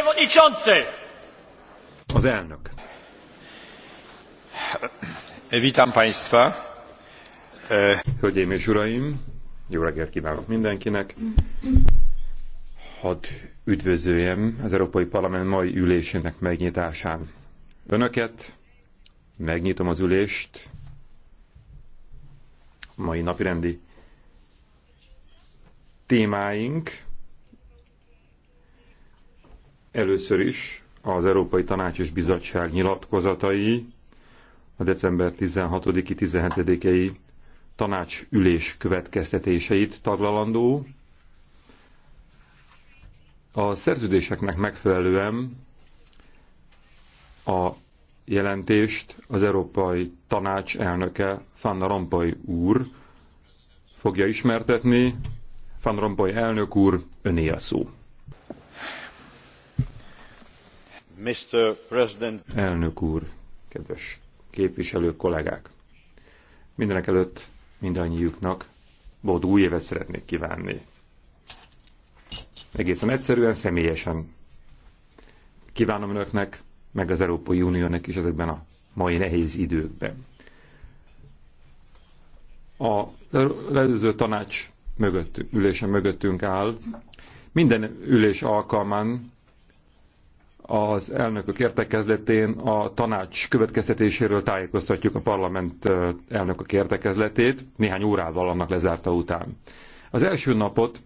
Przewodniczący! Witam Państwa. E, Hölgyeim és Uraim, jó reggelt kívánok mindenkinek. Hadd üdvözöljem az Európai Parlament mai ülésének megnyitásán. Önöket, megnyitom az ülést, mai napirendi témáink Először is az Európai Tanács és Bizottság nyilatkozatai a december 16-i 17-i tanácsülés következtetéseit taglalandó. A szerződéseknek megfelelően a jelentést az Európai Tanács elnöke Fanna Rompoy úr fogja ismertetni. Fanna Rompoy elnök úr, öné a szó. Mr. President. Elnök úr, kedves képviselők, kollégák! Mindenek előtt mindannyiuknak boldog új évet szeretnék kívánni. Egészen egyszerűen, személyesen kívánom önöknek, meg az Európai Uniónak is ezekben a mai nehéz időkben. A előző tanács mögött, ülése mögöttünk áll. Minden ülés alkalmán az elnökök értekezletén a tanács következtetéséről tájékoztatjuk a parlament elnökök értekezletét, néhány órával annak lezárta után. Az első napot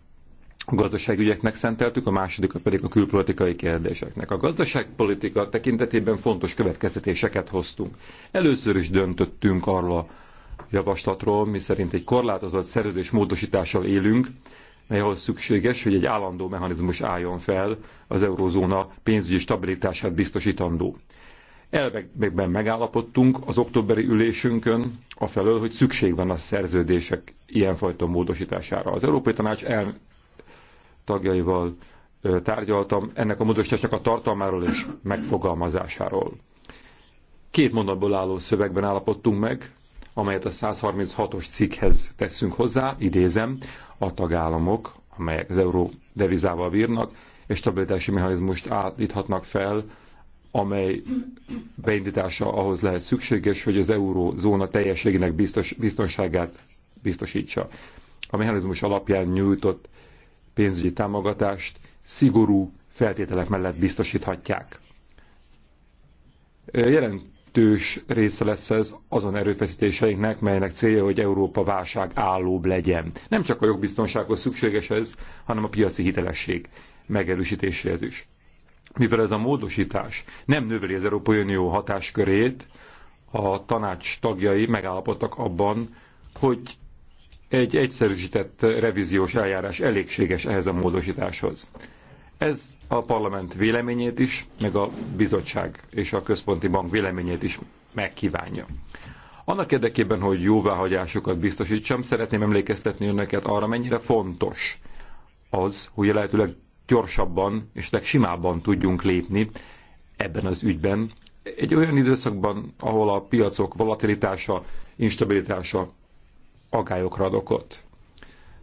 a gazdaságügyeknek szenteltük, a másodikat pedig a külpolitikai kérdéseknek. A gazdaságpolitika tekintetében fontos következtetéseket hoztunk. Először is döntöttünk arról a javaslatról, miszerint egy korlátozott szerződés módosítással élünk, mely ahhoz szükséges, hogy egy állandó mechanizmus álljon fel az Eurózóna pénzügyi stabilitását biztosítandó. Elvekben megállapodtunk az októberi ülésünkön afelől, hogy szükség van a szerződések ilyenfajta módosítására. Az Európai Tanács el tagjaival tárgyaltam ennek a módosításnak a tartalmáról és megfogalmazásáról. Két mondatból álló szövegben állapodtunk meg, amelyet a 136-os cikkhez teszünk hozzá, idézem, a tagállamok, amelyek az euró devizával bírnak, és stabilitási mechanizmust állíthatnak fel, amely beindítása ahhoz lehet szükséges, hogy az eurózóna teljességének biztos, biztonságát biztosítsa. A mechanizmus alapján nyújtott pénzügyi támogatást szigorú feltételek mellett biztosíthatják. Jelent jelentős része lesz ez azon erőfeszítéseinknek, melynek célja, hogy Európa válság állóbb legyen. Nem csak a jogbiztonsághoz szükséges ez, hanem a piaci hitelesség megerősítéséhez is. Mivel ez a módosítás nem növeli az Európai Unió hatáskörét, a tanács tagjai megállapodtak abban, hogy egy egyszerűsített revíziós eljárás elégséges ehhez a módosításhoz. Ez a parlament véleményét is, meg a bizottság és a központi bank véleményét is megkívánja. Annak érdekében, hogy jóváhagyásokat biztosítsam, szeretném emlékeztetni önöket arra, mennyire fontos az, hogy lehetőleg gyorsabban és legsimábban tudjunk lépni ebben az ügyben. Egy olyan időszakban, ahol a piacok volatilitása, instabilitása agályokra ad okot.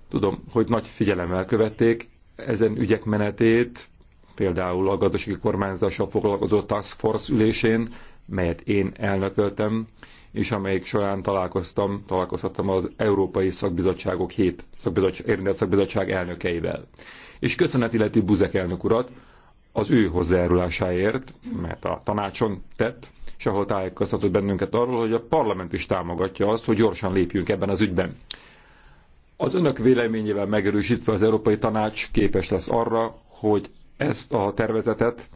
Tudom, hogy nagy figyelemmel követték ezen ügyek menetét, például a gazdasági kormányzással foglalkozó Task Force ülésén, melyet én elnököltem, és amelyik során találkoztam, találkozhattam az Európai Szakbizottságok hét szakbizottság, érintett szakbizottság elnökeivel. És köszönet illeti Buzek elnök urat az ő hozzájárulásáért, mert a tanácson tett, és ahol tájékoztatott bennünket arról, hogy a parlament is támogatja azt, hogy gyorsan lépjünk ebben az ügyben. Az önök véleményével megerősítve az Európai Tanács képes lesz arra, hogy ezt a tervezetet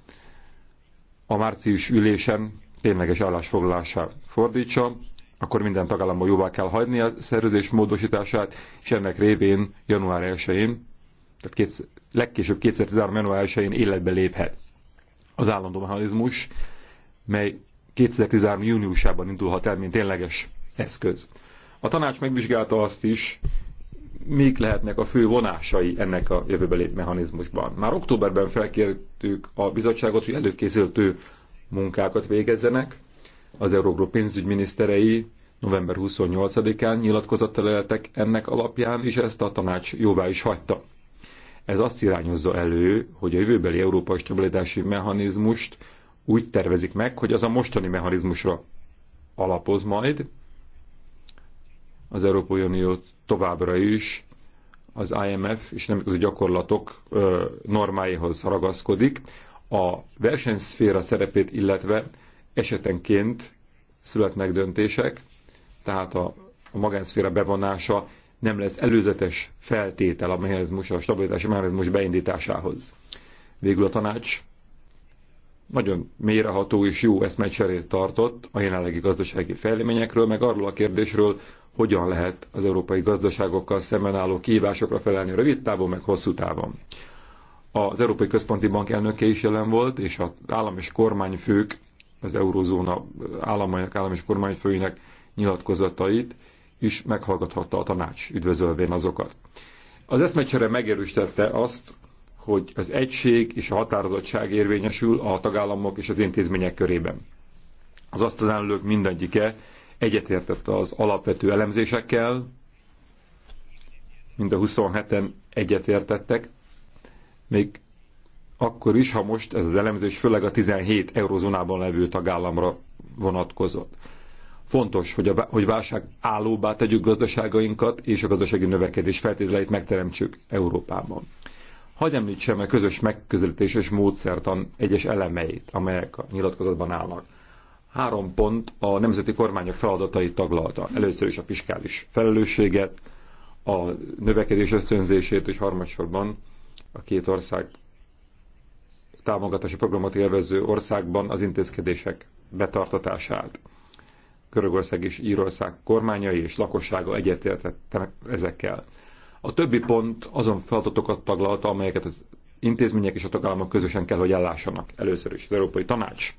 a március ülésen tényleges állásfoglalásra fordítsa, akkor minden tagállamban jóvá kell hagyni a szerződés módosítását, és ennek révén január 1-én, tehát kétsz, legkésőbb 2013. január 1-én életbe léphet az állandó mechanizmus, mely 2013. júniusában indulhat el, mint tényleges eszköz. A tanács megvizsgálta azt is, mik lehetnek a fő vonásai ennek a jövőbeli mechanizmusban. Már októberben felkértük a bizottságot, hogy előkészítő munkákat végezzenek. Az Eurogrup pénzügyminiszterei november 28-án nyilatkozatta éltek ennek alapján, és ezt a tanács jóvá is hagyta. Ez azt irányozza elő, hogy a jövőbeli európai stabilitási mechanizmust úgy tervezik meg, hogy az a mostani mechanizmusra alapoz majd, az Európai Unió továbbra is az IMF és nem a gyakorlatok normáihoz ragaszkodik, a versenyszféra szerepét illetve esetenként születnek döntések, tehát a, a magánszféra bevonása nem lesz előzetes feltétel a mechanizmus, a stabilitási mechanizmus beindításához. Végül a tanács nagyon mélyreható és jó eszmecserét tartott a jelenlegi gazdasági fejleményekről, meg arról a kérdésről, hogyan lehet az európai gazdaságokkal szemben álló kihívásokra felelni rövid távon, meg hosszú távon. Az Európai Központi Bank elnöke is jelen volt, és az állam és kormányfők, az eurozóna államainak, állam és kormányfőinek nyilatkozatait is meghallgathatta a tanács, üdvözölvén azokat. Az eszmecsere megerősítette azt, hogy az egység és a határozottság érvényesül a tagállamok és az intézmények körében. Az asztalállók mindegyike egyetértett az alapvető elemzésekkel, mind a 27-en egyetértettek, még akkor is, ha most ez az elemzés főleg a 17 eurozónában levő tagállamra vonatkozott. Fontos, hogy, a, hogy válság állóbbá tegyük gazdaságainkat, és a gazdasági növekedés feltételeit megteremtsük Európában. Hagy említsem a közös megközelítés és módszertan egyes elemeit, amelyek a nyilatkozatban állnak. Három pont a nemzeti kormányok feladatait taglalta. Először is a fiskális felelősséget, a növekedés ösztönzését, és harmadsorban a két ország támogatási programot élvező országban az intézkedések betartatását. Körögország és Írország kormányai és lakossága egyetértettek ezekkel. A többi pont azon feladatokat taglalta, amelyeket az intézmények és a tagállamok közösen kell, hogy ellássanak. Először is az Európai Tanács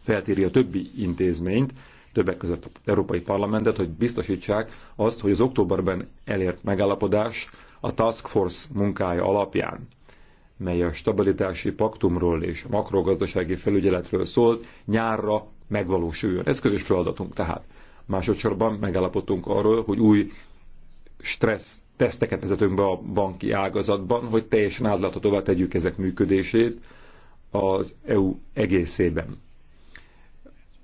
feltéri a többi intézményt, többek között az Európai Parlamentet, hogy biztosítsák azt, hogy az októberben elért megállapodás a Task Force munkája alapján, mely a stabilitási paktumról és makrogazdasági felügyeletről szólt, nyárra megvalósuljon. Ez közös feladatunk tehát. Másodszorban megállapodtunk arról, hogy új stressz teszteket vezetünk be a banki ágazatban, hogy teljesen átláthatóvá tegyük ezek működését az EU egészében.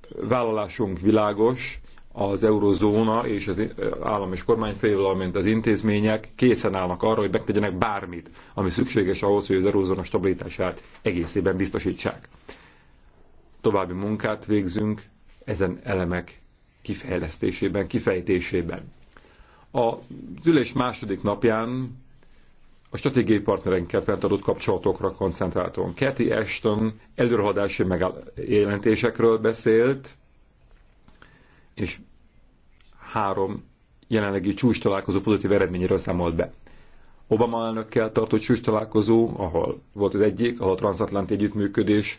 Vállalásunk világos, az eurozóna és az állam és kormányfő, valamint az intézmények készen állnak arra, hogy megtegyenek bármit, ami szükséges ahhoz, hogy az eurozóna stabilitását egészében biztosítsák. További munkát végzünk ezen elemek kifejlesztésében, kifejtésében. Az ülés második napján a stratégiai partnerenkkel fenntartott kapcsolatokra koncentráltunk. Kathy Ashton előrehaladási jelentésekről beszélt, és három jelenlegi csúcs találkozó pozitív eredményéről számolt be. Obama elnökkel tartott csúcs találkozó, ahol volt az egyik, ahol a transatlanti együttműködés,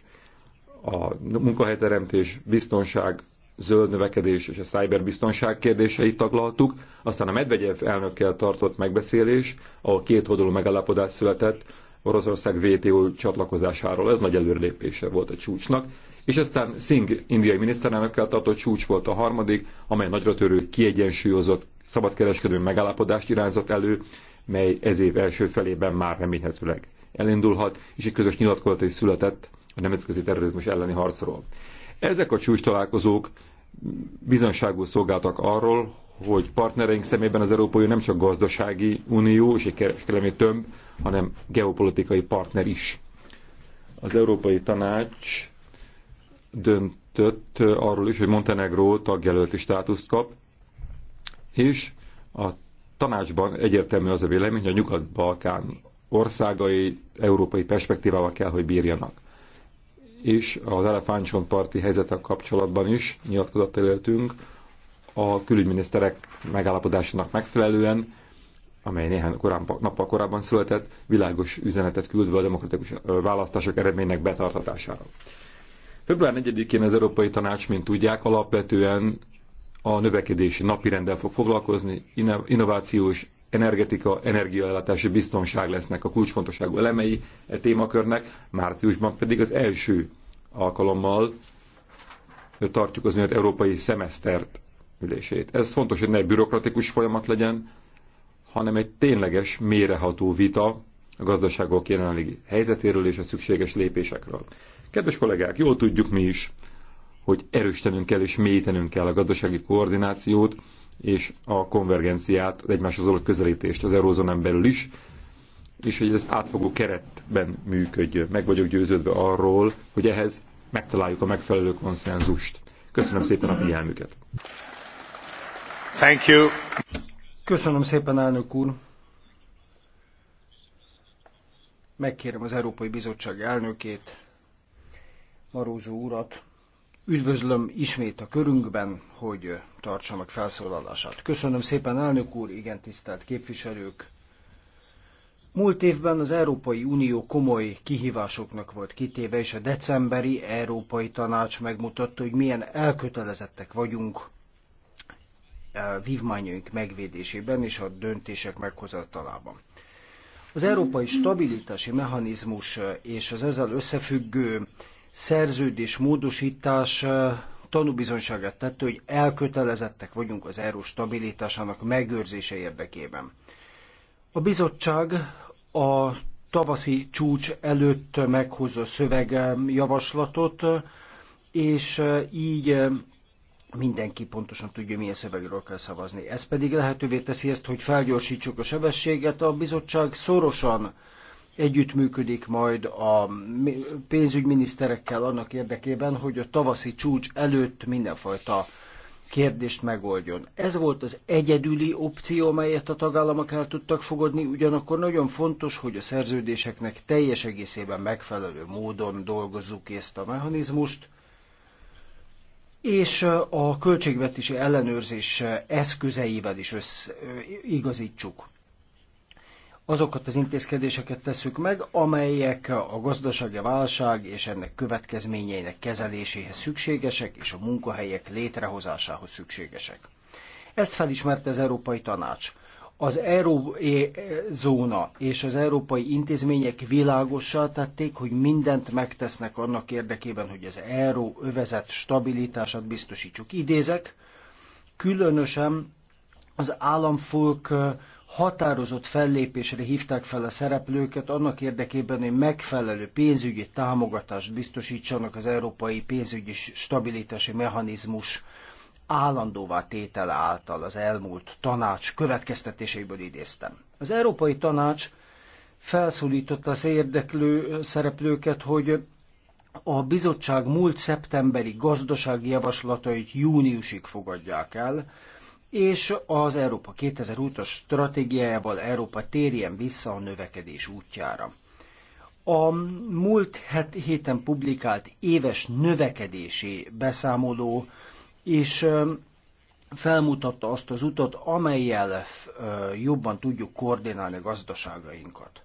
a munkahelyteremtés, biztonság, zöld növekedés és a szájberbiztonság kérdéseit taglaltuk, aztán a Medvegyev elnökkel tartott megbeszélés, ahol két oldalú megállapodás született Oroszország VTO csatlakozásáról, ez nagy előrelépése volt a csúcsnak, és aztán Singh indiai miniszterelnökkel tartott csúcs volt a harmadik, amely nagyra törő, kiegyensúlyozott szabadkereskedő megállapodást irányzott elő, mely ez év első felében már remélhetőleg elindulhat, és egy közös nyilatkozat is született a nemzetközi terrorizmus elleni harcról. Ezek a csúcs találkozók bizonságú szolgáltak arról, hogy partnereink szemében az Európai Unió nem csak gazdasági unió és egy kereskedelmi tömb, hanem geopolitikai partner is. Az Európai Tanács döntött arról is, hogy Montenegró tagjelölti státuszt kap, és a tanácsban egyértelmű az a vélemény, hogy a Nyugat-Balkán országai európai perspektívával kell, hogy bírjanak és az elefántcsontparti helyzetek kapcsolatban is nyilatkozott éltünk a külügyminiszterek megállapodásának megfelelően, amely néhány korán, nappal korábban született, világos üzenetet küldve a demokratikus választások eredménynek betartatására. Február 4-én az Európai Tanács, mint tudják, alapvetően a növekedési napirenddel fog foglalkozni, innovációs energetika, energiaellátási biztonság lesznek a kulcsfontosságú elemei e témakörnek, márciusban pedig az első alkalommal tartjuk az önök európai szemesztert ülését. Ez fontos, hogy ne egy bürokratikus folyamat legyen, hanem egy tényleges, méreható vita a gazdaságok jelenlegi helyzetéről és a szükséges lépésekről. Kedves kollégák, jól tudjuk mi is, hogy erősítenünk kell és mélyítenünk kell a gazdasági koordinációt, és a konvergenciát, egymáshoz való közelítést az eurózónán belül is, és hogy ez átfogó keretben működjön. Meg vagyok győződve arról, hogy ehhez megtaláljuk a megfelelő konszenzust. Köszönöm szépen a figyelmüket. Thank you. Köszönöm szépen, elnök úr. Megkérem az Európai Bizottság elnökét, Marózó urat, Üdvözlöm ismét a körünkben, hogy tartsanak felszólalását. Köszönöm szépen, elnök úr, igen tisztelt képviselők. Múlt évben az Európai Unió komoly kihívásoknak volt kitéve, és a decemberi Európai Tanács megmutatta, hogy milyen elkötelezettek vagyunk a vívmányaink megvédésében és a döntések meghozatalában. Az európai stabilitási mechanizmus és az ezzel összefüggő szerződés módosítás tanúbizonyságát tette, hogy elkötelezettek vagyunk az euró stabilitásának megőrzése érdekében. A bizottság a tavaszi csúcs előtt meghozza szövegjavaslatot, és így mindenki pontosan tudja, milyen szövegről kell szavazni. Ez pedig lehetővé teszi ezt, hogy felgyorsítsuk a sebességet. A bizottság szorosan együttműködik majd a pénzügyminiszterekkel annak érdekében, hogy a tavaszi csúcs előtt mindenfajta kérdést megoldjon. Ez volt az egyedüli opció, amelyet a tagállamok el tudtak fogadni, ugyanakkor nagyon fontos, hogy a szerződéseknek teljes egészében megfelelő módon dolgozzuk ezt a mechanizmust, és a költségvetési ellenőrzés eszközeivel is össz, igazítsuk azokat az intézkedéseket tesszük meg, amelyek a gazdasági válság és ennek következményeinek kezeléséhez szükségesek, és a munkahelyek létrehozásához szükségesek. Ezt felismerte az Európai Tanács. Az Európai Zóna és az európai intézmények világossá tették, hogy mindent megtesznek annak érdekében, hogy az euró övezet stabilitását biztosítsuk. Idézek, különösen az államfolk határozott fellépésre hívták fel a szereplőket annak érdekében, hogy megfelelő pénzügyi támogatást biztosítsanak az európai pénzügyi stabilitási mechanizmus állandóvá tétele által az elmúlt tanács következtetéseiből idéztem. Az Európai Tanács felszólította az érdeklő szereplőket, hogy a bizottság múlt szeptemberi gazdasági javaslatait júniusig fogadják el, és az Európa 2000 útos stratégiájával Európa térjen vissza a növekedés útjára. A múlt het héten publikált éves növekedési beszámoló és felmutatta azt az utat, amelyel jobban tudjuk koordinálni gazdaságainkat.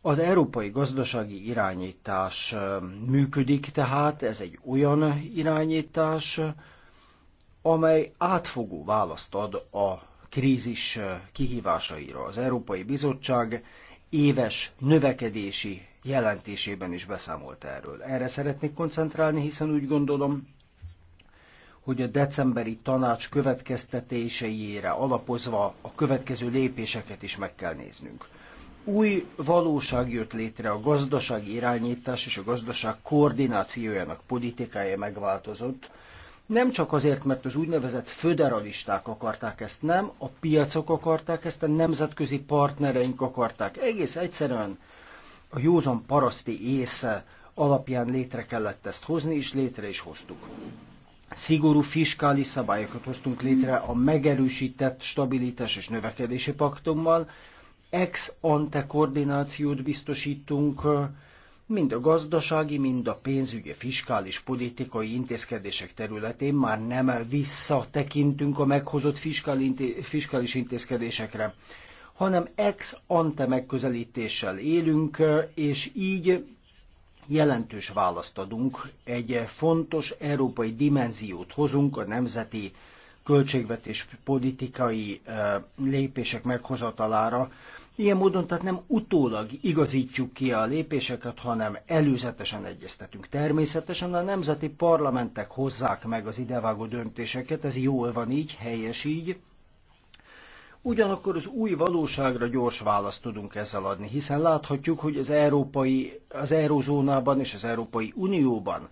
Az európai gazdasági irányítás működik tehát, ez egy olyan irányítás, amely átfogó választ ad a krízis eh, kihívásaira. Az Európai Bizottság éves növekedési jelentésében is beszámolt erről. Erre szeretnék koncentrálni, hiszen úgy gondolom, hogy a decemberi tanács következtetéseire alapozva a következő lépéseket is meg kell néznünk. Új valóság jött létre, a gazdaság irányítás és a gazdaság koordinációjának politikája megváltozott, nem csak azért, mert az úgynevezett föderalisták akarták ezt, nem, a piacok akarták ezt, a nemzetközi partnereink akarták. Egész egyszerűen a józan paraszti észe alapján létre kellett ezt hozni, és létre is hoztuk. Szigorú fiskális szabályokat hoztunk létre a megerősített stabilitás és növekedési paktummal, ex ante koordinációt biztosítunk, mind a gazdasági, mind a pénzügyi, fiskális, politikai intézkedések területén már nem visszatekintünk a meghozott fiskális intézkedésekre, hanem ex ante megközelítéssel élünk, és így jelentős választ adunk, egy fontos európai dimenziót hozunk a nemzeti költségvetés politikai eh, lépések meghozatalára, Ilyen módon tehát nem utólag igazítjuk ki a lépéseket, hanem előzetesen egyeztetünk. Természetesen a nemzeti parlamentek hozzák meg az idevágó döntéseket, ez jól van így, helyes így, Ugyanakkor az új valóságra gyors választ tudunk ezzel adni, hiszen láthatjuk, hogy az európai, az eurozónában és az Európai Unióban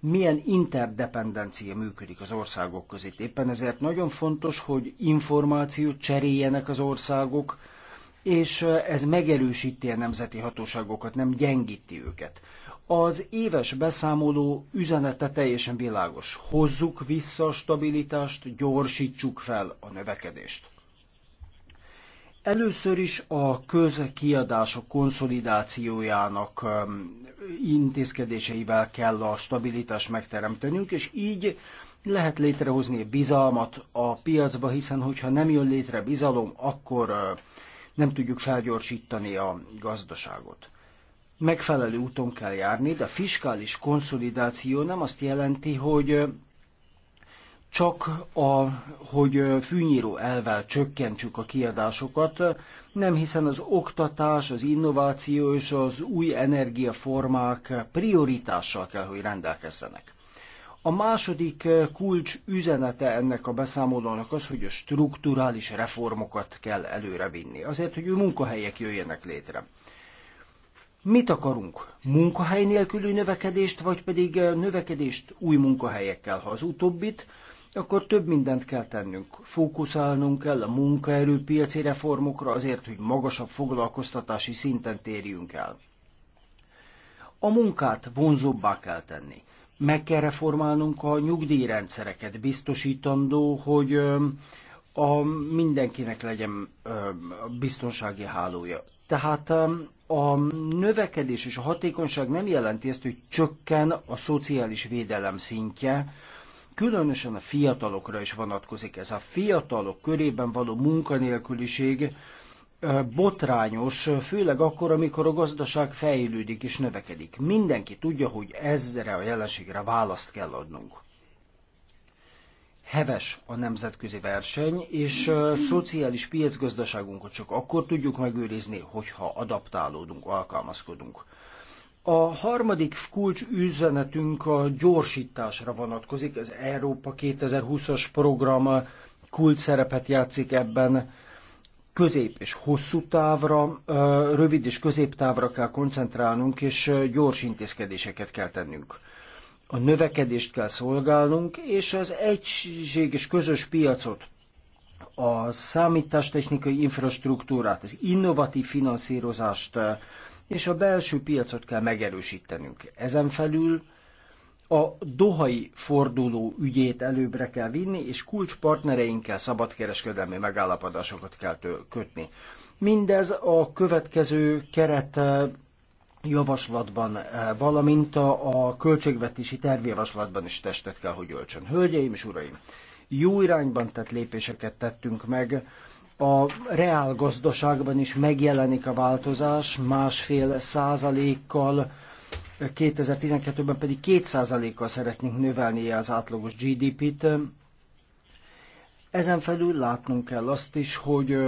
milyen interdependencia működik az országok között. Éppen ezért nagyon fontos, hogy információt cseréljenek az országok, és ez megerősíti a nemzeti hatóságokat, nem gyengíti őket. Az éves beszámoló üzenete teljesen világos. Hozzuk vissza a stabilitást, gyorsítsuk fel a növekedést. Először is a közkiadások konszolidációjának intézkedéseivel kell a stabilitást megteremtenünk, és így lehet létrehozni bizalmat a piacba, hiszen hogyha nem jön létre bizalom, akkor nem tudjuk felgyorsítani a gazdaságot. Megfelelő úton kell járni, de a fiskális konszolidáció nem azt jelenti, hogy csak a, hogy fűnyíró elvel csökkentsük a kiadásokat, nem hiszen az oktatás, az innováció és az új energiaformák prioritással kell, hogy rendelkezzenek. A második eh, kulcs üzenete ennek a beszámolónak az, hogy a strukturális reformokat kell előrevinni, azért, hogy ő munkahelyek jöjjenek létre. Mit akarunk? Munkahely nélküli növekedést, vagy pedig eh, növekedést új munkahelyekkel? Ha az utóbbit, akkor több mindent kell tennünk. Fókuszálnunk kell a munkaerőpiaci reformokra azért, hogy magasabb foglalkoztatási szinten térjünk el. A munkát vonzóbbá kell tenni. Meg kell reformálnunk a nyugdíjrendszereket, biztosítandó, hogy a mindenkinek legyen biztonsági hálója. Tehát a növekedés és a hatékonyság nem jelenti ezt, hogy csökken a szociális védelem szintje, különösen a fiatalokra is vonatkozik ez. A fiatalok körében való munkanélküliség botrányos, főleg akkor, amikor a gazdaság fejlődik és növekedik. Mindenki tudja, hogy ezre a jelenségre választ kell adnunk. Heves a nemzetközi verseny, és a szociális piacgazdaságunkat csak akkor tudjuk megőrizni, hogyha adaptálódunk, alkalmazkodunk. A harmadik kulcs üzenetünk a gyorsításra vonatkozik, az Európa 2020-as program kulcs szerepet játszik ebben közép és hosszú távra, rövid és középtávra kell koncentrálnunk, és gyors intézkedéseket kell tennünk. A növekedést kell szolgálnunk, és az és közös piacot, a számítástechnikai infrastruktúrát, az innovatív finanszírozást és a belső piacot kell megerősítenünk. Ezen felül a dohai forduló ügyét előbbre kell vinni, és kulcspartnereinkkel szabadkereskedelmi megállapodásokat kell kötni. Mindez a következő keret eh, javaslatban, eh, valamint a költségvetési tervjavaslatban is testet kell, hogy öltsön. Hölgyeim és uraim, jó irányban tett lépéseket tettünk meg, a gazdaságban is megjelenik a változás, másfél százalékkal 2012-ben pedig 2%-kal szeretnénk növelni az átlagos GDP-t. Ezen felül látnunk kell azt is, hogy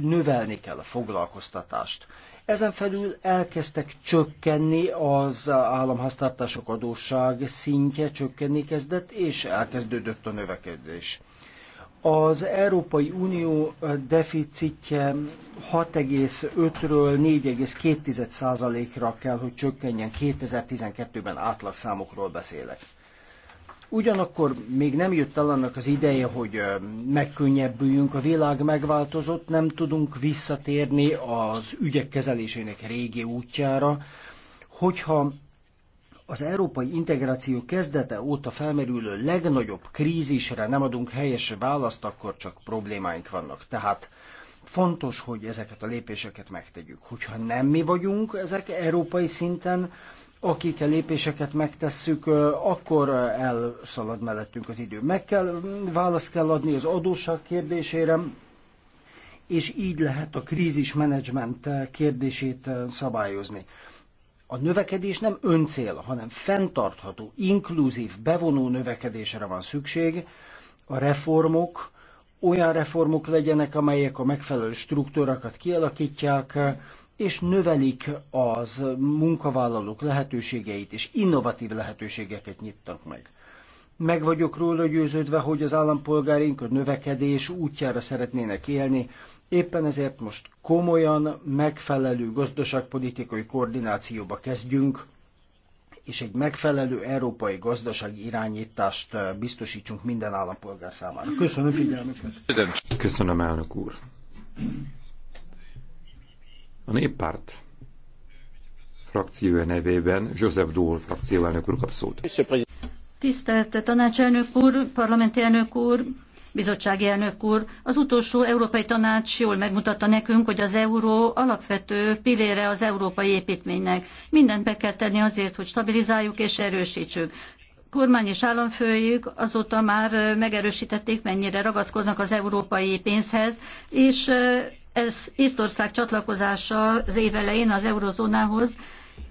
növelni kell a foglalkoztatást. Ezen felül elkezdtek csökkenni az államháztartások adósság szintje, csökkenni kezdett, és elkezdődött a növekedés. Az Európai Unió eh, deficitje 6,5-ről 4,2%-ra kell, hogy csökkenjen 2012-ben átlagszámokról beszélek. Ugyanakkor még nem jött el annak az ideje, hogy eh, megkönnyebbüljünk, a világ megváltozott, nem tudunk visszatérni az ügyek kezelésének régi útjára, hogyha az európai integráció kezdete óta felmerülő legnagyobb krízisre nem adunk helyes választ, akkor csak problémáink vannak. Tehát fontos, hogy ezeket a lépéseket megtegyük. Hogyha nem mi vagyunk ezek európai szinten, akik a e lépéseket megtesszük, akkor elszalad mellettünk az idő. Meg kell, választ kell adni az adósság kérdésére, és így lehet a krízismenedzsment kérdését szabályozni. A növekedés nem öncél, hanem fenntartható, inkluzív, bevonó növekedésre van szükség. A reformok olyan reformok legyenek, amelyek a megfelelő struktúrakat kialakítják, és növelik az munkavállalók lehetőségeit, és innovatív lehetőségeket nyitnak meg. Meg vagyok róla győződve, hogy az állampolgáink a növekedés útjára szeretnének élni, éppen ezért most komolyan, megfelelő gazdaságpolitikai koordinációba kezdjünk, és egy megfelelő európai gazdasági irányítást eh, biztosítsunk minden állampolgár számára. Köszönöm figyelmüket! Köszönöm, elnök úr! A néppárt frakciója nevében József Dól frakcióelnök úr kap szót. Tisztelt tanácselnök úr, parlamenti elnök úr, bizottsági elnök úr, az utolsó Európai Tanács jól megmutatta nekünk, hogy az euró alapvető pillére az európai építménynek. Mindent be kell tenni azért, hogy stabilizáljuk és erősítsük kormány és államfőjük azóta már megerősítették, mennyire ragaszkodnak az európai pénzhez, és ez Észtország csatlakozása az év elején az eurozónához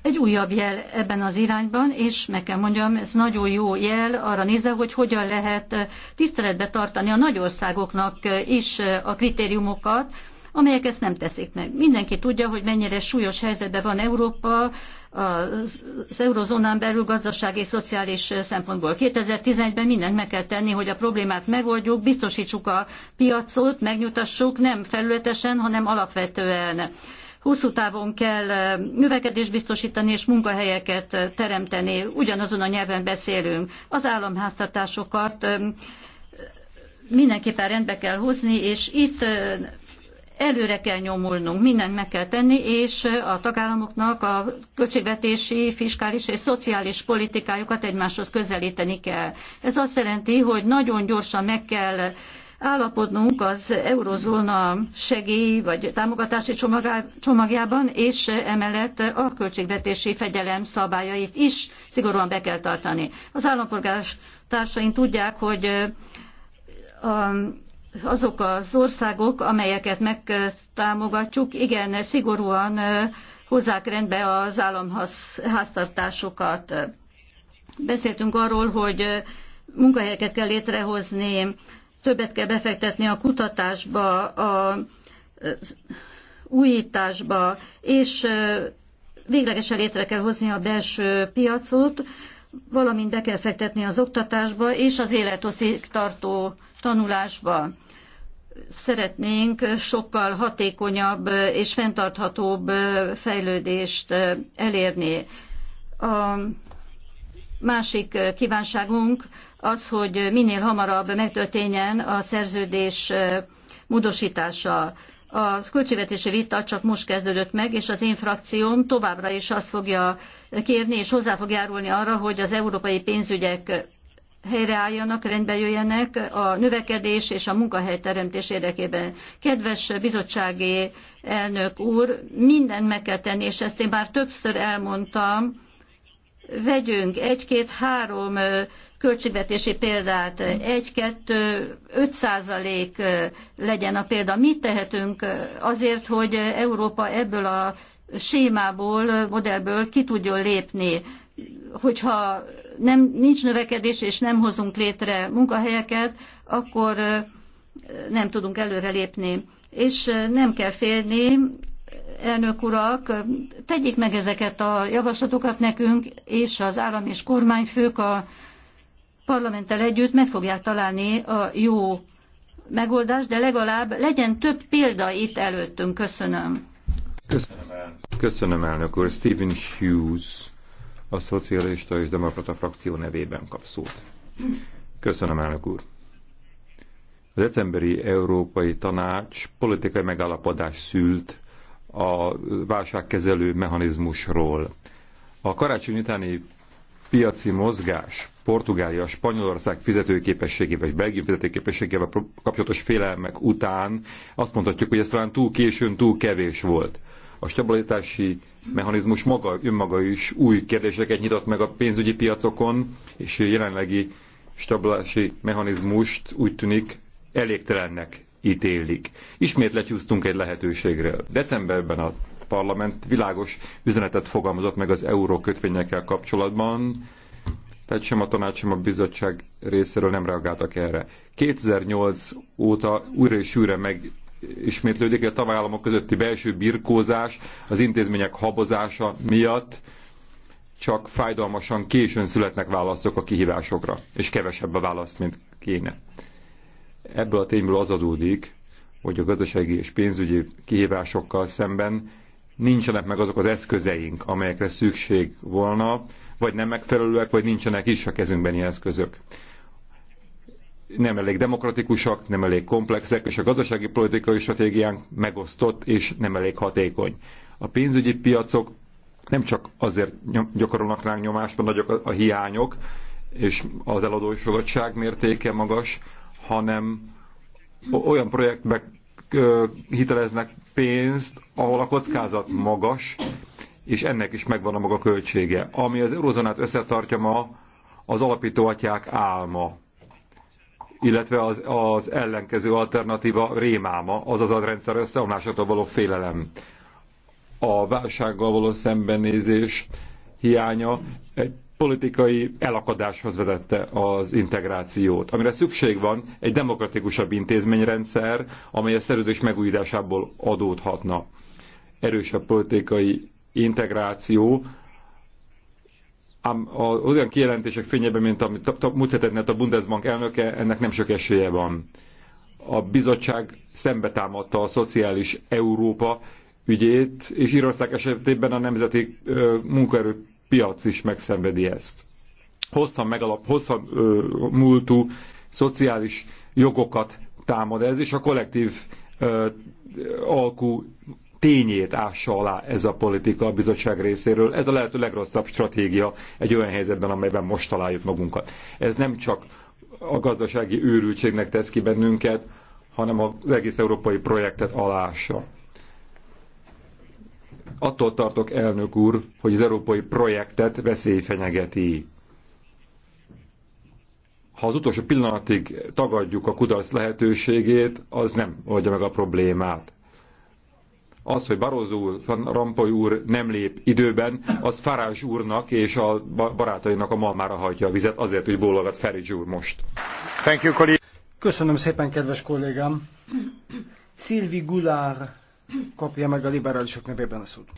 egy újabb jel ebben az irányban, és meg kell mondjam, ez nagyon jó jel arra nézve, hogy hogyan lehet tiszteletbe tartani a nagy országoknak is a kritériumokat, amelyek ezt nem teszik meg. Mindenki tudja, hogy mennyire súlyos helyzetben van Európa, az eurozónán belül gazdasági és szociális szempontból. 2011-ben mindent meg kell tenni, hogy a problémát megoldjuk, biztosítsuk a piacot, megnyugtassuk, nem felületesen, hanem alapvetően hosszú távon kell növekedést biztosítani és munkahelyeket teremteni. Ugyanazon a nyelven beszélünk. Az államháztartásokat mindenképpen rendbe kell hozni, és itt előre kell nyomulnunk, mindent meg kell tenni, és a tagállamoknak a költségvetési, fiskális és szociális politikájukat egymáshoz közelíteni kell. Ez azt jelenti, hogy nagyon gyorsan meg kell állapodnunk az eurozóna segély vagy támogatási csomagjában, és emellett a költségvetési fegyelem szabályait is szigorúan be kell tartani. Az állampolgártársaink tudják, hogy a, azok az országok, amelyeket megtámogatjuk, igen, szigorúan hozzák rendbe az államháztartásokat. Beszéltünk arról, hogy munkahelyeket kell létrehozni, többet kell befektetni a kutatásba, a újításba, és véglegesen létre kell hozni a belső piacot, valamint be kell fektetni az oktatásba és az élethosszig tartó tanulásba. Szeretnénk sokkal hatékonyabb és fenntarthatóbb fejlődést elérni. A másik kívánságunk az, hogy minél hamarabb megtörténjen a szerződés módosítása. A költségvetési vita csak most kezdődött meg, és az én frakcióm továbbra is azt fogja kérni, és hozzá fog járulni arra, hogy az európai pénzügyek helyreálljanak, rendbe jöjjenek a növekedés és a munkahelyteremtés érdekében. Kedves bizottsági elnök úr, mindent meg kell tenni, és ezt én már többször elmondtam, vegyünk egy-két-három költségvetési példát, egy-kettő, öt százalék legyen a példa. Mit tehetünk azért, hogy Európa ebből a sémából, modellből ki tudjon lépni? Hogyha nem, nincs növekedés és nem hozunk létre munkahelyeket, akkor nem tudunk előrelépni. És nem kell félni elnök urak, tegyék meg ezeket a javaslatokat nekünk, és az állam és kormányfők a parlamenttel együtt meg fogják találni a jó megoldást, de legalább legyen több példa itt előttünk. Köszönöm. Köszönöm, elnök, Köszönöm, elnök úr. Stephen Hughes a Szocialista és Demokrata frakció nevében kap szót. Köszönöm, elnök úr. A decemberi Európai Tanács politikai megállapodás szült a válságkezelő mechanizmusról. A karácsony utáni piaci mozgás Portugália, Spanyolország fizetőképességével és Belgium fizetőképességével kapcsolatos félelmek után azt mondhatjuk, hogy ez talán túl későn, túl kevés volt. A stabilitási mechanizmus maga, önmaga is új kérdéseket nyitott meg a pénzügyi piacokon, és jelenlegi stabilitási mechanizmust úgy tűnik elégtelennek ítélik. Ismét lecsúsztunk egy lehetőségre. Decemberben a parlament világos üzenetet fogalmazott meg az euró kötvényekkel kapcsolatban, tehát sem a tanács, sem a bizottság részéről nem reagáltak erre. 2008 óta újra és újra meg ismétlődik a tagállamok közötti belső birkózás, az intézmények habozása miatt csak fájdalmasan későn születnek válaszok a kihívásokra, és kevesebb a válasz, mint kéne. Ebből a tényből az adódik, hogy a gazdasági és pénzügyi kihívásokkal szemben nincsenek meg azok az eszközeink, amelyekre szükség volna, vagy nem megfelelőek, vagy nincsenek is a kezünkben ilyen eszközök. Nem elég demokratikusak, nem elég komplexek, és a gazdasági politikai stratégiánk megosztott és nem elég hatékony. A pénzügyi piacok nem csak azért gyakorolnak ránk nyomást, mert nagyok a hiányok, és az eladósodottság mértéke magas, hanem olyan projektbe hiteleznek pénzt, ahol a kockázat magas, és ennek is megvan a maga költsége. Ami az eurozonát összetartja ma, az alapító atyák álma, illetve az, az ellenkező alternatíva rémáma, azaz a rendszer összeomlásától való félelem. A válsággal való szembenézés hiánya egy politikai elakadáshoz vezette az integrációt, amire szükség van egy demokratikusabb intézményrendszer, amely a szerződés megújításából adódhatna. Erősebb politikai integráció, ám az olyan kijelentések fényében, mint amit múlt héten a Bundesbank elnöke, ennek nem sok esélye van. A bizottság szembe támadta a szociális Európa ügyét, és Írország esetében a nemzeti munkaerő piac is megszenvedi ezt. Hosszan, megalap, hosszan ö, múltú szociális jogokat támad ez, és a kollektív ö, alkú tényét ássa alá ez a politika a bizottság részéről. Ez a lehető legrosszabb stratégia egy olyan helyzetben, amelyben most találjuk magunkat. Ez nem csak a gazdasági őrültségnek tesz ki bennünket, hanem az egész európai projektet alása. Attól tartok, elnök úr, hogy az európai projektet veszély fenyegeti. Ha az utolsó pillanatig tagadjuk a kudarc lehetőségét, az nem oldja meg a problémát az, hogy Barozó úr, Van rampai úr nem lép időben, az Farázs úrnak és a barátainak a malmára hajtja a vizet, azért, hogy bólogat Farage úr most. Thank you, Köszönöm szépen, kedves kollégám. Sylvie Goulard kapja meg a liberálisok nevében a szót.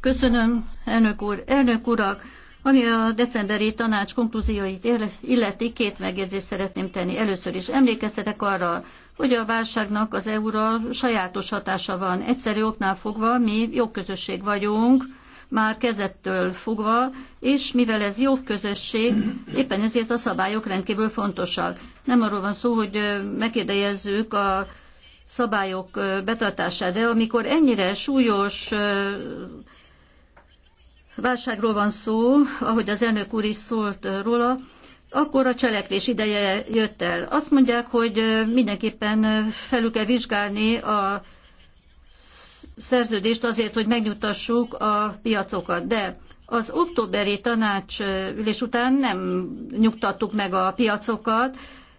Köszönöm, elnök úr. Elnök urak, ami a decemberi tanács konklúzióit illeti, két megjegyzést szeretném tenni. Először is emlékeztetek arra, hogy a válságnak az euró sajátos hatása van. Egyszerű oknál fogva mi jogközösség vagyunk, már kezdettől fogva, és mivel ez jó közösség, éppen ezért a szabályok rendkívül fontosak. Nem arról van szó, hogy megkérdejezzük a szabályok betartására, de amikor ennyire súlyos válságról van szó, ahogy az elnök úr is szólt róla, akkor a cselekvés ideje jött el. Azt mondják, hogy mindenképpen felül kell vizsgálni a szerződést azért, hogy megnyugtassuk a piacokat. De az októberi tanácsülés után nem nyugtattuk meg a piacokat,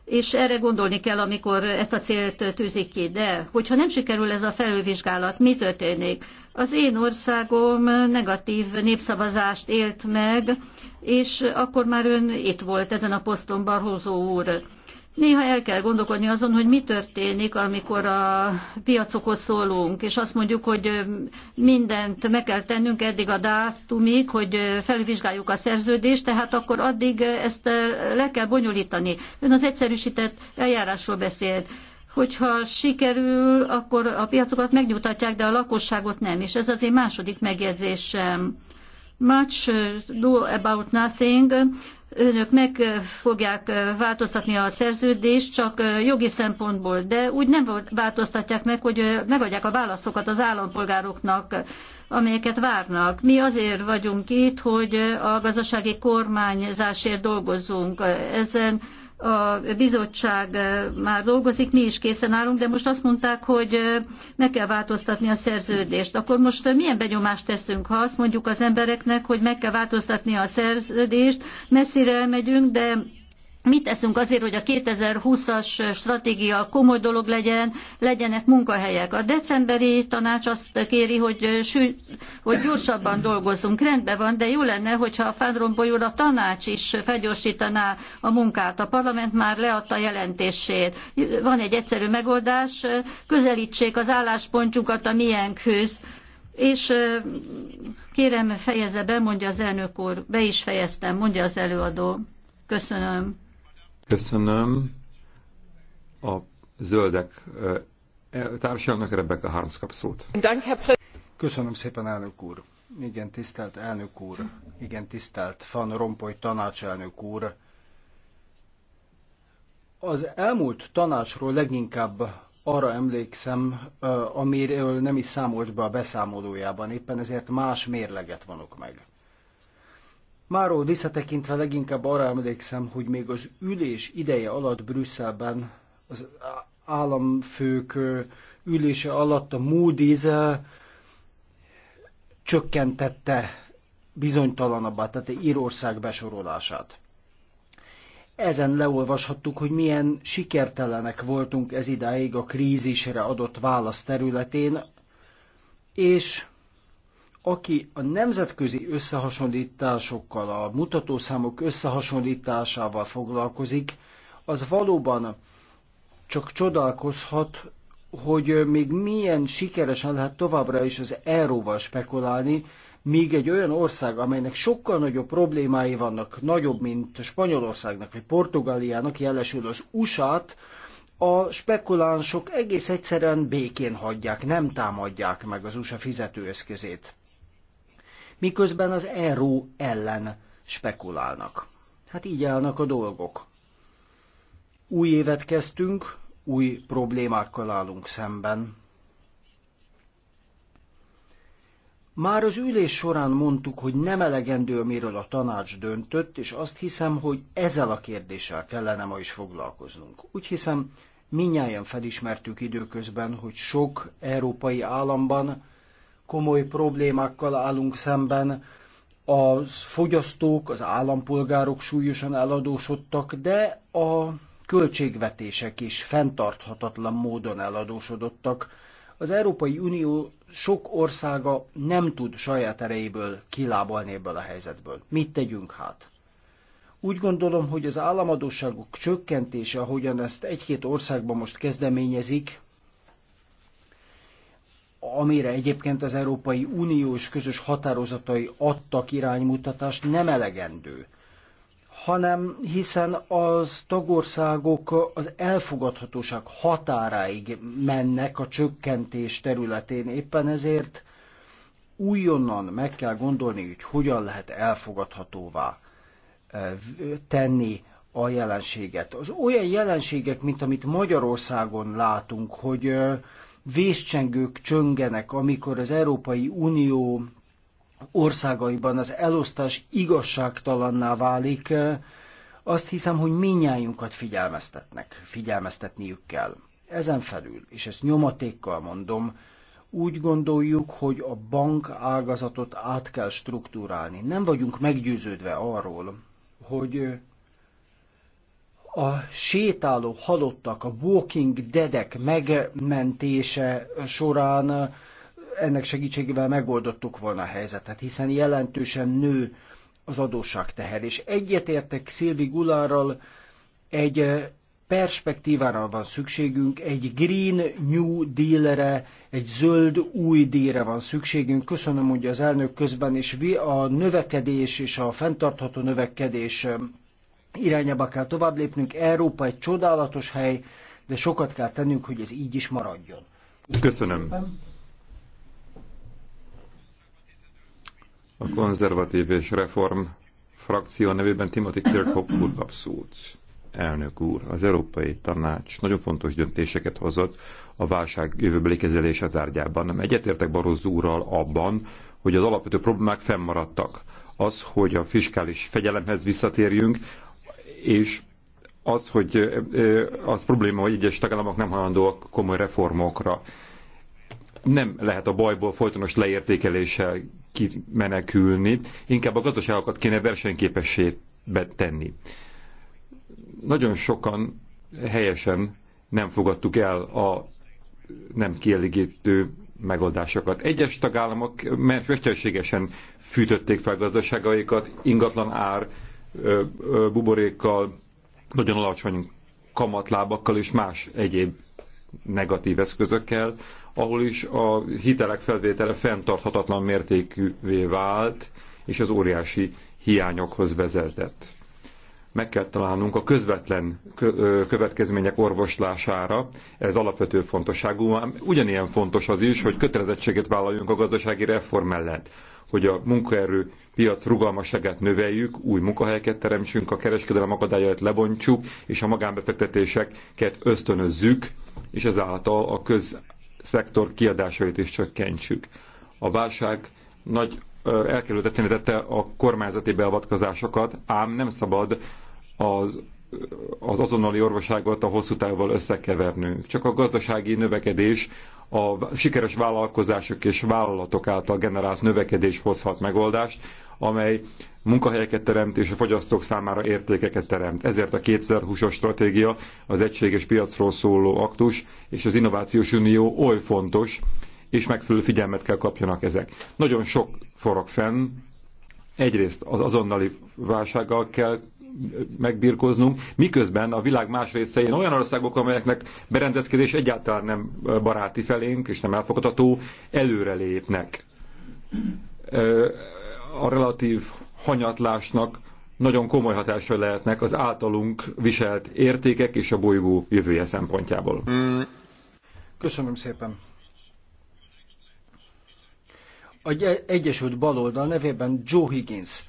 és erre gondolni kell, amikor ezt a célt tűzik ki. De hogyha nem sikerül ez a felülvizsgálat, mi történik? Az én országom negatív népszavazást élt meg, és akkor már ön itt volt ezen a poszton, Barhózó úr. Néha el kell gondolkodni azon, hogy mi történik, amikor a piacokhoz szólunk, és azt mondjuk, hogy mindent meg kell tennünk eddig a dátumig, hogy felvizsgáljuk a szerződést, tehát akkor addig ezt le kell bonyolítani. Ön az egyszerűsített eljárásról beszélt hogyha sikerül, akkor a piacokat megnyugtatják, de a lakosságot nem. És ez az én második megjegyzésem. Much do about nothing önök meg fogják változtatni a szerződést, csak jogi szempontból, de úgy nem változtatják meg, hogy megadják a válaszokat az állampolgároknak, amelyeket várnak. Mi azért vagyunk itt, hogy a gazdasági kormányzásért dolgozzunk. Ezen a bizottság eh, már dolgozik, mi is készen állunk, de most azt mondták, hogy eh, meg kell változtatni a szerződést. Akkor most eh, milyen benyomást teszünk, ha azt mondjuk az embereknek, hogy meg kell változtatni a szerződést, messzire elmegyünk, de Mit teszünk azért, hogy a 2020-as stratégia komoly dolog legyen, legyenek munkahelyek? A decemberi tanács azt kéri, hogy, hogy gyorsabban dolgozzunk. Rendben van, de jó lenne, hogyha a Fán Rompuy úr a tanács is felgyorsítaná a munkát. A parlament már leadta a jelentését. Van egy egyszerű megoldás, közelítsék az álláspontjukat a miénkhöz. És kérem, fejeze be, mondja az elnök úr. Be is fejeztem, mondja az előadó. Köszönöm. Köszönöm. A zöldek e, társadalmak Rebecca Harms kap szót. Köszönöm szépen, elnök úr. Igen, tisztelt elnök úr. Igen, tisztelt Van Rompoy tanácselnök úr. Az elmúlt tanácsról leginkább arra emlékszem, amiről nem is számolt be a beszámolójában, éppen ezért más mérleget vonok meg. Máról visszatekintve leginkább arra emlékszem, hogy még az ülés ideje alatt Brüsszelben az államfők ülése alatt a Moody's csökkentette bizonytalanabbá, tehát Írország besorolását. Ezen leolvashattuk, hogy milyen sikertelenek voltunk ez idáig a krízisre adott válasz területén, és aki a nemzetközi összehasonlításokkal, a mutatószámok összehasonlításával foglalkozik, az valóban csak csodálkozhat, hogy még milyen sikeresen lehet továbbra is az euróval spekulálni, míg egy olyan ország, amelynek sokkal nagyobb problémái vannak, nagyobb, mint Spanyolországnak vagy Portugáliának, jelesül az USA-t, a spekulánsok egész egyszerűen békén hagyják, nem támadják meg az USA fizetőeszközét miközben az euró ellen spekulálnak. Hát így állnak a dolgok. Új évet kezdtünk, új problémákkal állunk szemben. Már az ülés során mondtuk, hogy nem elegendő, amiről a tanács döntött, és azt hiszem, hogy ezzel a kérdéssel kellene ma is foglalkoznunk. Úgy hiszem, minnyáján felismertük időközben, hogy sok európai államban komoly problémákkal állunk szemben, az fogyasztók, az állampolgárok súlyosan eladósodtak, de a költségvetések is fenntarthatatlan módon eladósodottak. Az Európai Unió sok országa nem tud saját erejéből kilábalni ebből a helyzetből. Mit tegyünk hát? Úgy gondolom, hogy az államadóságok csökkentése, ahogyan ezt egy-két országban most kezdeményezik, amire egyébként az Európai Uniós közös határozatai adtak iránymutatást, nem elegendő hanem hiszen az tagországok az elfogadhatóság határáig mennek a csökkentés területén. Éppen ezért újonnan meg kell gondolni, hogy hogyan lehet elfogadhatóvá eh, tenni a jelenséget. Az olyan jelenségek, mint amit Magyarországon látunk, hogy eh, véscsengők csöngenek, amikor az Európai Unió országaiban az elosztás igazságtalanná válik, azt hiszem, hogy minnyájunkat figyelmeztetnek, figyelmeztetniük kell. Ezen felül, és ezt nyomatékkal mondom, úgy gondoljuk, hogy a bank ágazatot át kell struktúrálni. Nem vagyunk meggyőződve arról, hogy a sétáló halottak, a walking dedek megmentése során eh, ennek segítségével megoldottuk volna a helyzetet, hiszen jelentősen nő az adósságteher. És egyetértek Szilvi Gulárral, egy eh, perspektívára van szükségünk, egy Green New Deal-re, egy zöld új díjra van szükségünk. Köszönöm, hogy az elnök közben, és a növekedés és a fenntartható növekedés eh, irányába kell tovább lépnünk. Európa egy csodálatos hely, de sokat kell tennünk, hogy ez így is maradjon. Köszönöm. A konzervatív és reform frakció nevében Timothy Kirkhope úr abszolút Elnök úr, az Európai Tanács nagyon fontos döntéseket hozott a válság jövőbeli kezelése tárgyában. Nem egyetértek Barozz úrral abban, hogy az alapvető problémák fennmaradtak. Az, hogy a fiskális fegyelemhez visszatérjünk, és az, hogy az probléma, hogy egyes tagállamok nem hajlandóak komoly reformokra. Nem lehet a bajból folytonos leértékeléssel kimenekülni, inkább a gazdaságokat kéne versenyképessé tenni. Nagyon sokan helyesen nem fogadtuk el a nem kielégítő megoldásokat. Egyes tagállamok mesterségesen fűtötték fel gazdaságaikat, ingatlan ár, buborékkal, nagyon alacsony kamatlábakkal és más egyéb negatív eszközökkel, ahol is a hitelek felvétele fenntarthatatlan mértékűvé vált, és az óriási hiányokhoz vezetett. Meg kell találnunk a közvetlen következmények orvoslására, ez alapvető fontosságú, ugyanilyen fontos az is, hogy kötelezettséget vállaljunk a gazdasági reform mellett, hogy a munkaerő piac rugalmasságát növeljük, új munkahelyeket teremtsünk, a kereskedelem akadályait lebontsuk, és a magánbefektetéseket ösztönözzük, és ezáltal a közszektor kiadásait is csökkentsük. A válság nagy elkerülhetetlenítette a kormányzati beavatkozásokat, ám nem szabad az az azonnali orvoságot a hosszú távval összekevernünk. Csak a gazdasági növekedés a sikeres vállalkozások és vállalatok által generált növekedés hozhat megoldást, amely munkahelyeket teremt és a fogyasztók számára értékeket teremt. Ezért a 2020-as stratégia, az egységes piacról szóló aktus és az Innovációs Unió oly fontos, és megfelelő figyelmet kell kapjanak ezek. Nagyon sok forog fenn, egyrészt az azonnali válsággal kell megbírkoznunk, miközben a világ más részein olyan országok, amelyeknek berendezkedés egyáltalán nem baráti felénk, és nem elfogadható, előrelépnek a relatív hanyatlásnak nagyon komoly hatása lehetnek az általunk viselt értékek és a bolygó jövője szempontjából. Köszönöm szépen. A Egyesült Baloldal nevében Joe Higgins.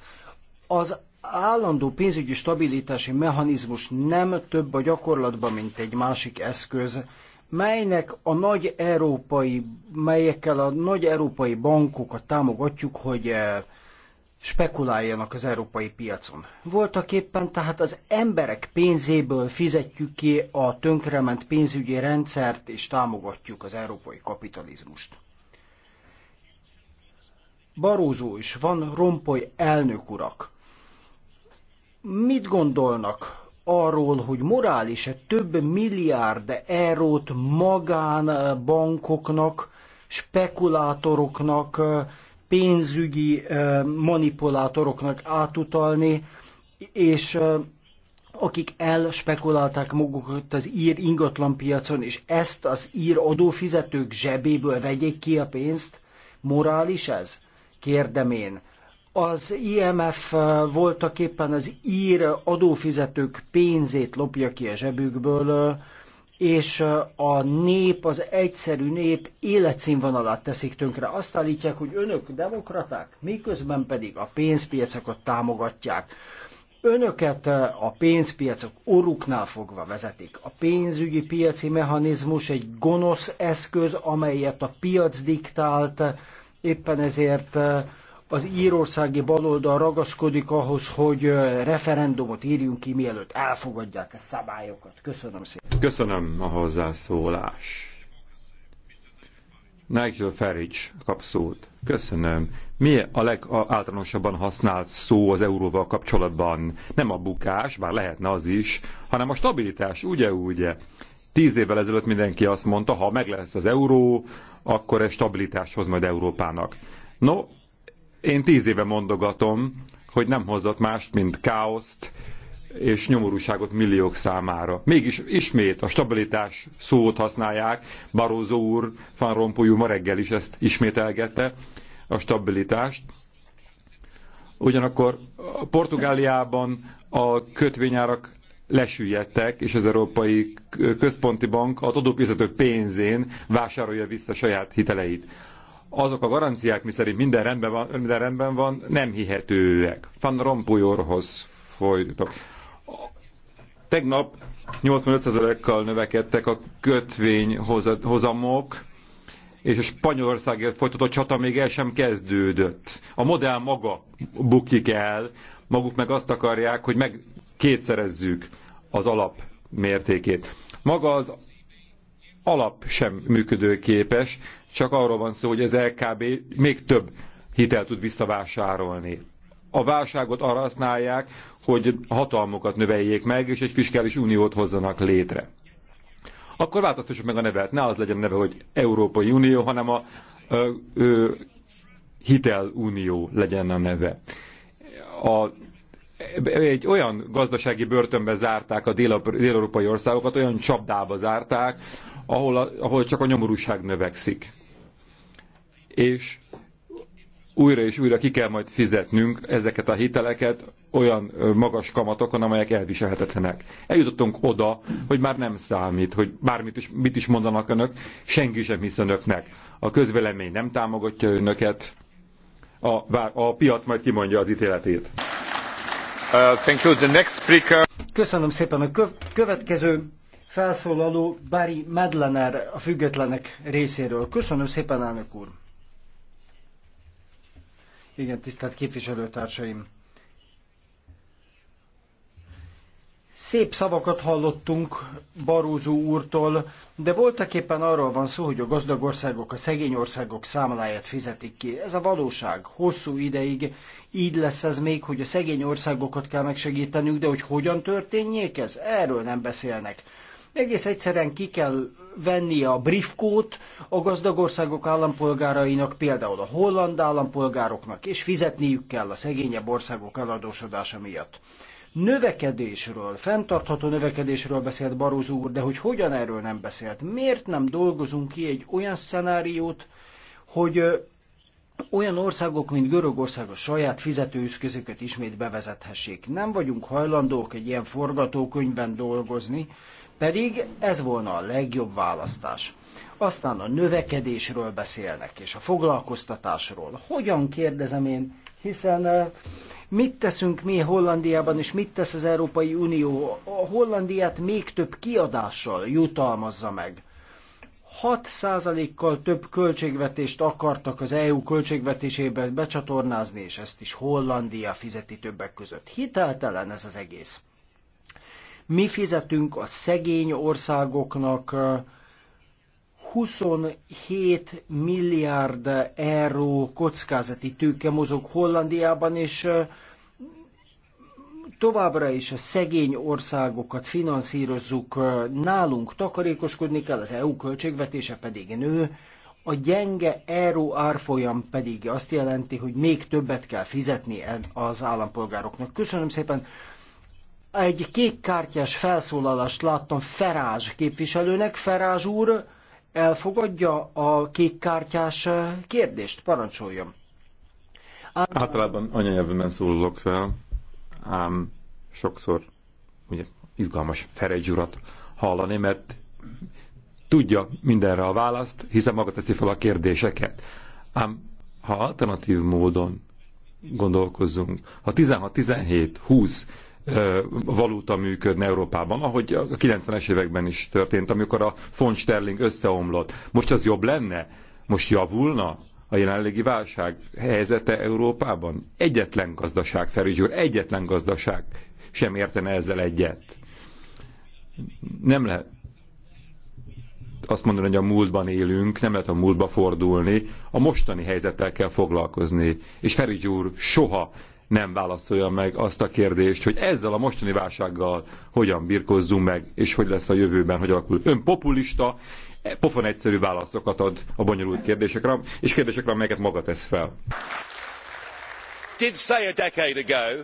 Az állandó pénzügyi stabilitási mechanizmus nem több a gyakorlatban, mint egy másik eszköz, melynek a nagy európai, melyekkel a nagy európai bankokat támogatjuk, hogy eh, spekuláljanak az európai piacon. Voltak éppen tehát az emberek pénzéből fizetjük ki a tönkrement pénzügyi rendszert, és támogatjuk az európai kapitalizmust. Barózó is van, Rompoly elnök urak. Mit gondolnak arról, hogy morális -e több milliárd eurót magánbankoknak, spekulátoroknak, pénzügyi manipulátoroknak átutalni, és akik elspekulálták magukat az ír ingatlanpiacon, és ezt az ír adófizetők zsebéből vegyék ki a pénzt? Morális ez? Kérdem én. Az IMF voltak éppen az ír adófizetők pénzét lopja ki a zsebükből, és a nép, az egyszerű nép életszínvonalát teszik tönkre. Azt állítják, hogy önök demokraták, miközben pedig a pénzpiacokat támogatják. Önöket a pénzpiacok oruknál fogva vezetik. A pénzügyi piaci mechanizmus egy gonosz eszköz, amelyet a piac diktált, éppen ezért az írországi baloldal ragaszkodik ahhoz, hogy referendumot írjunk ki, mielőtt elfogadják a szabályokat. Köszönöm szépen. Köszönöm a hozzászólás. Nigel Farage kap szót. Köszönöm. Mi a legáltalánosabban használt szó az euróval kapcsolatban? Nem a bukás, bár lehetne az is, hanem a stabilitás, ugye, ugye? Tíz évvel ezelőtt mindenki azt mondta, ha meg lesz az euró, akkor ez stabilitáshoz hoz majd Európának. No, én tíz éve mondogatom, hogy nem hozott mást, mint káoszt és nyomorúságot milliók számára. Mégis ismét a stabilitás szót használják, Barózó úr, Van Rompuyú ma reggel is ezt ismételgette, a stabilitást. Ugyanakkor Portugáliában a kötvényárak lesüllyedtek, és az Európai Központi Bank a adófizetők pénzén vásárolja vissza saját hiteleit azok a garanciák, miszerint minden rendben van, minden rendben van nem hihetőek. Van rompujorhoz orhoz folytatok. Tegnap 85%-kal növekedtek a kötvényhozamok, és a Spanyolországért folytatott csata még el sem kezdődött. A modell maga bukik el, maguk meg azt akarják, hogy meg kétszerezzük az alap mértékét. Maga az alap sem működőképes, csak arról van szó, hogy az LKB még több hitelt tud visszavásárolni. A válságot arra használják, hogy hatalmukat növeljék meg, és egy fiskális uniót hozzanak létre. Akkor változtassuk meg a nevet. Ne az legyen neve, hogy Európai Unió, hanem a ö, ö, hitelunió legyen a neve. A, egy olyan gazdasági börtönbe zárták a dél-európai országokat, olyan csapdába zárták, ahol, a, ahol csak a nyomorúság növekszik és újra és újra ki kell majd fizetnünk ezeket a hiteleket olyan magas kamatokon, amelyek elviselhetetlenek. Eljutottunk oda, hogy már nem számít, hogy bármit is, mit is mondanak önök, senki sem hisz önöknek. A közvélemény nem támogatja önöket, a, a piac majd kimondja az ítéletét. Uh, thank you. The next speaker. Köszönöm szépen. A kö- következő felszólaló Barry Medlener a függetlenek részéről. Köszönöm szépen, elnök úr. Igen, tisztelt képviselőtársaim! Szép szavakat hallottunk Barózó úrtól, de voltak éppen arról van szó, hogy a gazdag országok a szegény országok számláját fizetik ki. Ez a valóság. Hosszú ideig így lesz ez még, hogy a szegény országokat kell megsegítenünk, de hogy hogyan történjék ez? Erről nem beszélnek. Egész egyszerűen ki kell vennie a briefkót a gazdag országok állampolgárainak, például a holland állampolgároknak, és fizetniük kell a szegényebb országok eladósodása miatt. Növekedésről, fenntartható növekedésről beszélt Barózó úr, de hogy hogyan erről nem beszélt? Miért nem dolgozunk ki egy olyan szenáriót, hogy olyan országok, mint Görögország a saját fizetőüszközöket ismét bevezethessék. Nem vagyunk hajlandók egy ilyen forgatókönyvben dolgozni, pedig ez volna a legjobb választás. Aztán a növekedésről beszélnek, és a foglalkoztatásról. Hogyan kérdezem én, hiszen eh, mit teszünk mi Hollandiában, és mit tesz az Európai Unió? A Hollandiát még több kiadással jutalmazza meg. 6%-kal több költségvetést akartak az EU költségvetésébe becsatornázni, és ezt is Hollandia fizeti többek között. Hiteltelen ez az egész. Mi fizetünk a szegény országoknak 27 milliárd euró kockázati tőke mozog Hollandiában, és továbbra is a szegény országokat finanszírozzuk, nálunk takarékoskodni kell, az EU költségvetése pedig nő, a gyenge euró árfolyam pedig azt jelenti, hogy még többet kell fizetni e- az állampolgároknak. Köszönöm szépen, egy kékkártyás felszólalást láttam Ferázs képviselőnek. Ferázs úr elfogadja a kékkártyás eh, kérdést? Parancsoljon. Általában, Általában anyanyelvűen szólok fel, ám sokszor ugye, izgalmas Ferázs urat hallani, mert tudja mindenre a választ, hiszen maga teszi fel a kérdéseket. Ám ha alternatív módon gondolkozunk, ha 16, 17, 20 valuta működne Európában, ahogy a 90-es években is történt, amikor a font sterling összeomlott. Most az jobb lenne? Most javulna a jelenlegi válság helyzete Európában? Egyetlen gazdaság, Feri úr, egyetlen gazdaság sem értene ezzel egyet. Nem lehet azt mondani, hogy a múltban élünk, nem lehet a múltba fordulni, a mostani helyzettel kell foglalkozni. És Feri úr soha nem válaszolja meg azt a kérdést, hogy ezzel a mostani válsággal hogyan birkozzunk meg, és hogy lesz a jövőben, hogy alakul. Ön populista, pofon egyszerű válaszokat ad a bonyolult kérdésekre, és kérdésekre, amelyeket maga tesz fel. Did say a decade ago.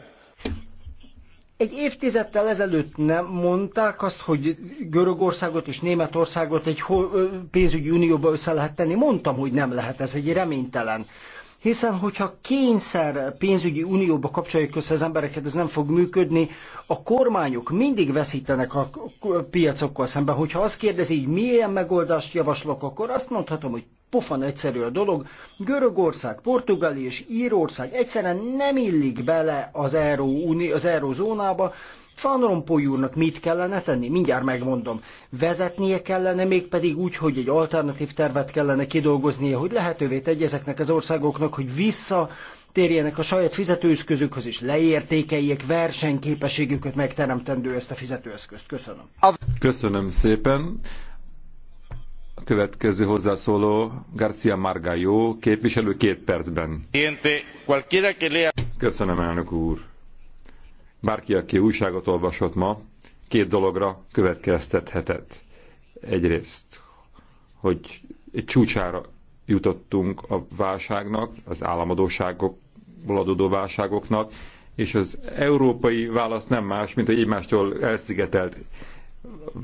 Egy évtizedtel ezelőtt nem mondták azt, hogy Görögországot és Németországot egy pénzügyi unióba össze lehet tenni. Mondtam, hogy nem lehet, ez egy reménytelen hiszen hogyha kényszer pénzügyi unióba kapcsoljuk össze az embereket, ez nem fog működni, a kormányok mindig veszítenek a piacokkal szemben. Hogyha azt kérdezi, hogy milyen megoldást javaslok, akkor azt mondhatom, hogy pofan egyszerű a dolog. Görögország, Portugália és Írország egyszerűen nem illik bele az, Euró, az eurózónába, van Rompuy úrnak mit kellene tenni? Mindjárt megmondom. Vezetnie kellene, mégpedig úgy, hogy egy alternatív tervet kellene kidolgoznia, hogy lehetővé tegy ezeknek az országoknak, hogy vissza térjenek a saját fizetőeszközükhöz, és leértékeljék versenyképességüket megteremtendő ezt a fizetőeszközt. Köszönöm. Köszönöm szépen. A következő hozzászóló Garcia Margallo, képviselő két percben. Köszönöm, elnök úr. Bárki, aki újságot olvasott ma, két dologra következtethetett. Egyrészt, hogy egy csúcsára jutottunk a válságnak, az államadóságokból adódó válságoknak, és az európai válasz nem más, mint hogy egymástól elszigetelt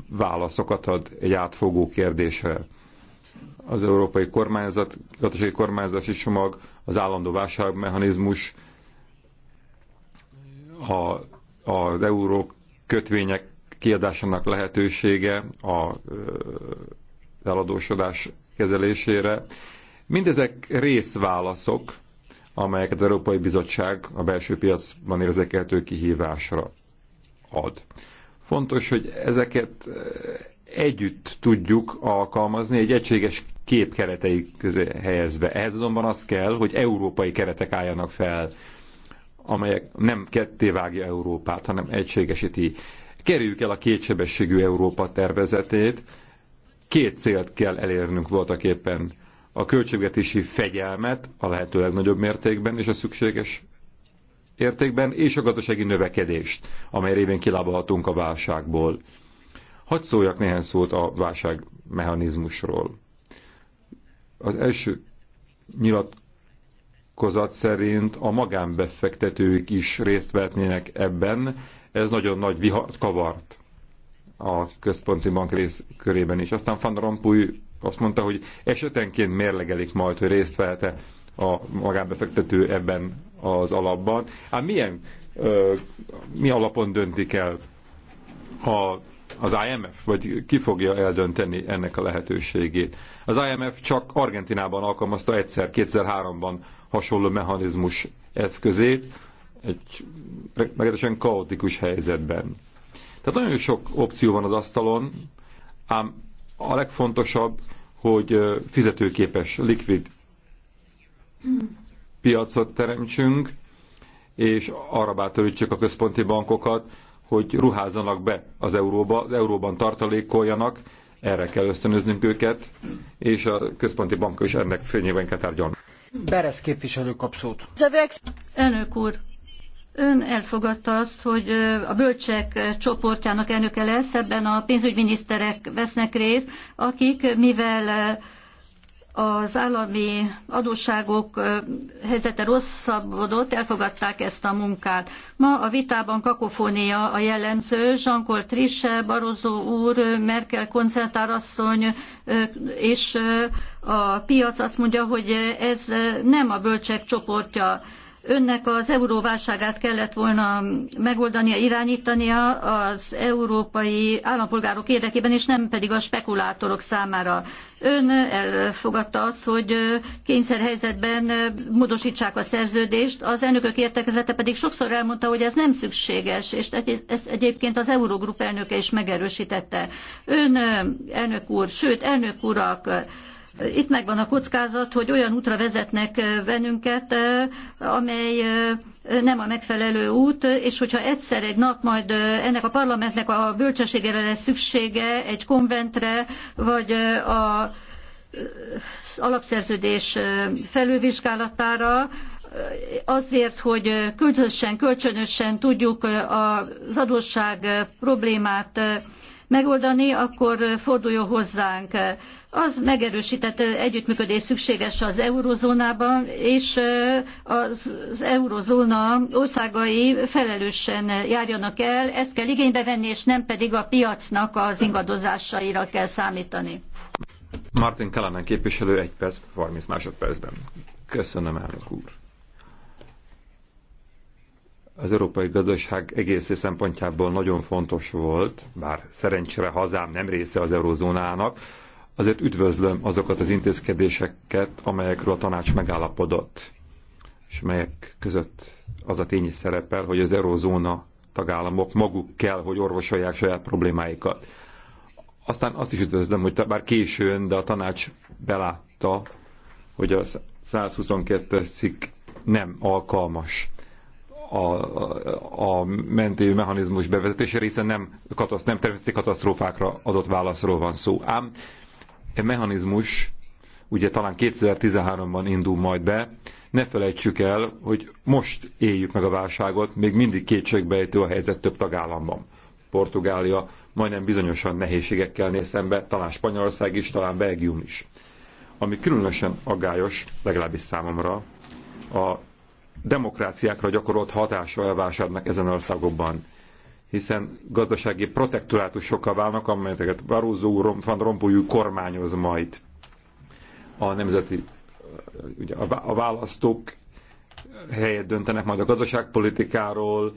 válaszokat ad egy átfogó kérdésre. Az európai kormányzat, gazdasági kormányzási csomag, az állandó válságmechanizmus, a az euró kötvények kiadásának lehetősége a eladósodás kezelésére. Mindezek részválaszok, amelyeket az Európai Bizottság a belső piacban érzékelhető kihívásra ad. Fontos, hogy ezeket együtt tudjuk alkalmazni egy egységes kép keretei közé helyezve. Ehhez azonban az kell, hogy európai keretek álljanak fel amelyek nem kettévágja Európát, hanem egységesíti. Kerüljük el a kétsebességű Európa tervezetét. Két célt kell elérnünk voltak éppen. A költségvetési fegyelmet a lehető legnagyobb mértékben és a szükséges értékben, és a gazdasági növekedést, amely révén kilábalhatunk a válságból. Hadd szóljak néhány szót a válságmechanizmusról. Az első nyilat nyilatkozat szerint a magánbefektetők is részt vetnének ebben. Ez nagyon nagy vihart kavart a központi bank rész körében is. Aztán Van Rompuy azt mondta, hogy esetenként mérlegelik majd, hogy részt vehet-e a magánbefektető ebben az alapban. Hát milyen, ö, mi alapon döntik el a, az IMF, vagy ki fogja eldönteni ennek a lehetőségét? Az IMF csak Argentinában alkalmazta egyszer, 2003-ban hasonló mechanizmus eszközét egy meglehetősen kaotikus helyzetben. Tehát nagyon sok opció van az asztalon, ám a legfontosabb, hogy fizetőképes, likvid piacot teremtsünk, és arra bátorítsuk a központi bankokat, hogy ruházzanak be az euróba, az euróban tartalékoljanak, erre kell ösztönöznünk őket, és a központi bank is ennek fényében kell tárgyalni. Beres képviselő kap szót. Elnök úr, Ön elfogadta azt, hogy a bölcsek csoportjának elnöke lesz, ebben a pénzügyminiszterek vesznek részt, akik mivel az állami adósságok helyzete rosszabbodott, elfogadták ezt a munkát. Ma a vitában kakofónia a jellemző, jean claude Trisse, Barozó úr, Merkel koncertárasszony, és a piac azt mondja, hogy ez nem a bölcsek csoportja. Önnek az euróválságát kellett volna megoldania, irányítania az európai állampolgárok érdekében, és nem pedig a spekulátorok számára. Ön elfogadta azt, hogy kényszerhelyzetben módosítsák a szerződést, az elnökök értekezete pedig sokszor elmondta, hogy ez nem szükséges, és ezt egyébként az Eurogrup elnöke is megerősítette. Ön, elnök úr, sőt, elnök urak, itt megvan a kockázat, hogy olyan útra vezetnek bennünket, amely nem a megfelelő út, és hogyha egyszer egy nap majd ennek a parlamentnek a bölcsességére lesz szüksége, egy konventre, vagy a alapszerződés felülvizsgálatára, azért, hogy közösen, kölcsönösen tudjuk az adósság problémát megoldani, akkor forduljon hozzánk. Az megerősített együttműködés szükséges az eurozónában, és az, az eurozóna országai felelősen járjanak el, ezt kell igénybe venni, és nem pedig a piacnak az ingadozásaira kell számítani. Martin Kalanen képviselő, egy perc, 30 másodpercben. Köszönöm, elnök úr az európai gazdaság egész szempontjából nagyon fontos volt, bár szerencsére hazám nem része az eurozónának, azért üdvözlöm azokat az intézkedéseket, amelyekről a tanács megállapodott, és melyek között az a tény is szerepel, hogy az eurozóna tagállamok maguk kell, hogy orvosolják saját problémáikat. Aztán azt is üdvözlöm, hogy bár későn, de a tanács belátta, hogy a 122-es cikk nem alkalmas a, a mentő mechanizmus bevezetésére, hiszen nem, katasz, nem természeti katasztrófákra adott válaszról van szó. Ám e mechanizmus ugye talán 2013-ban indul majd be, ne felejtsük el, hogy most éljük meg a válságot, még mindig kétségbejtő a helyzet több tagállamban. Portugália majdnem bizonyosan nehézségekkel néz szembe, talán Spanyolország is, talán Belgium is. Ami különösen aggályos, legalábbis számomra, a demokráciákra gyakorolt hatása elvásárnak ezen országokban hiszen gazdasági protektorátusokkal válnak, amelyeket Barózó úr, Van Rompuy kormányoz majd. A nemzeti ugye a választók helyet döntenek majd a gazdaságpolitikáról,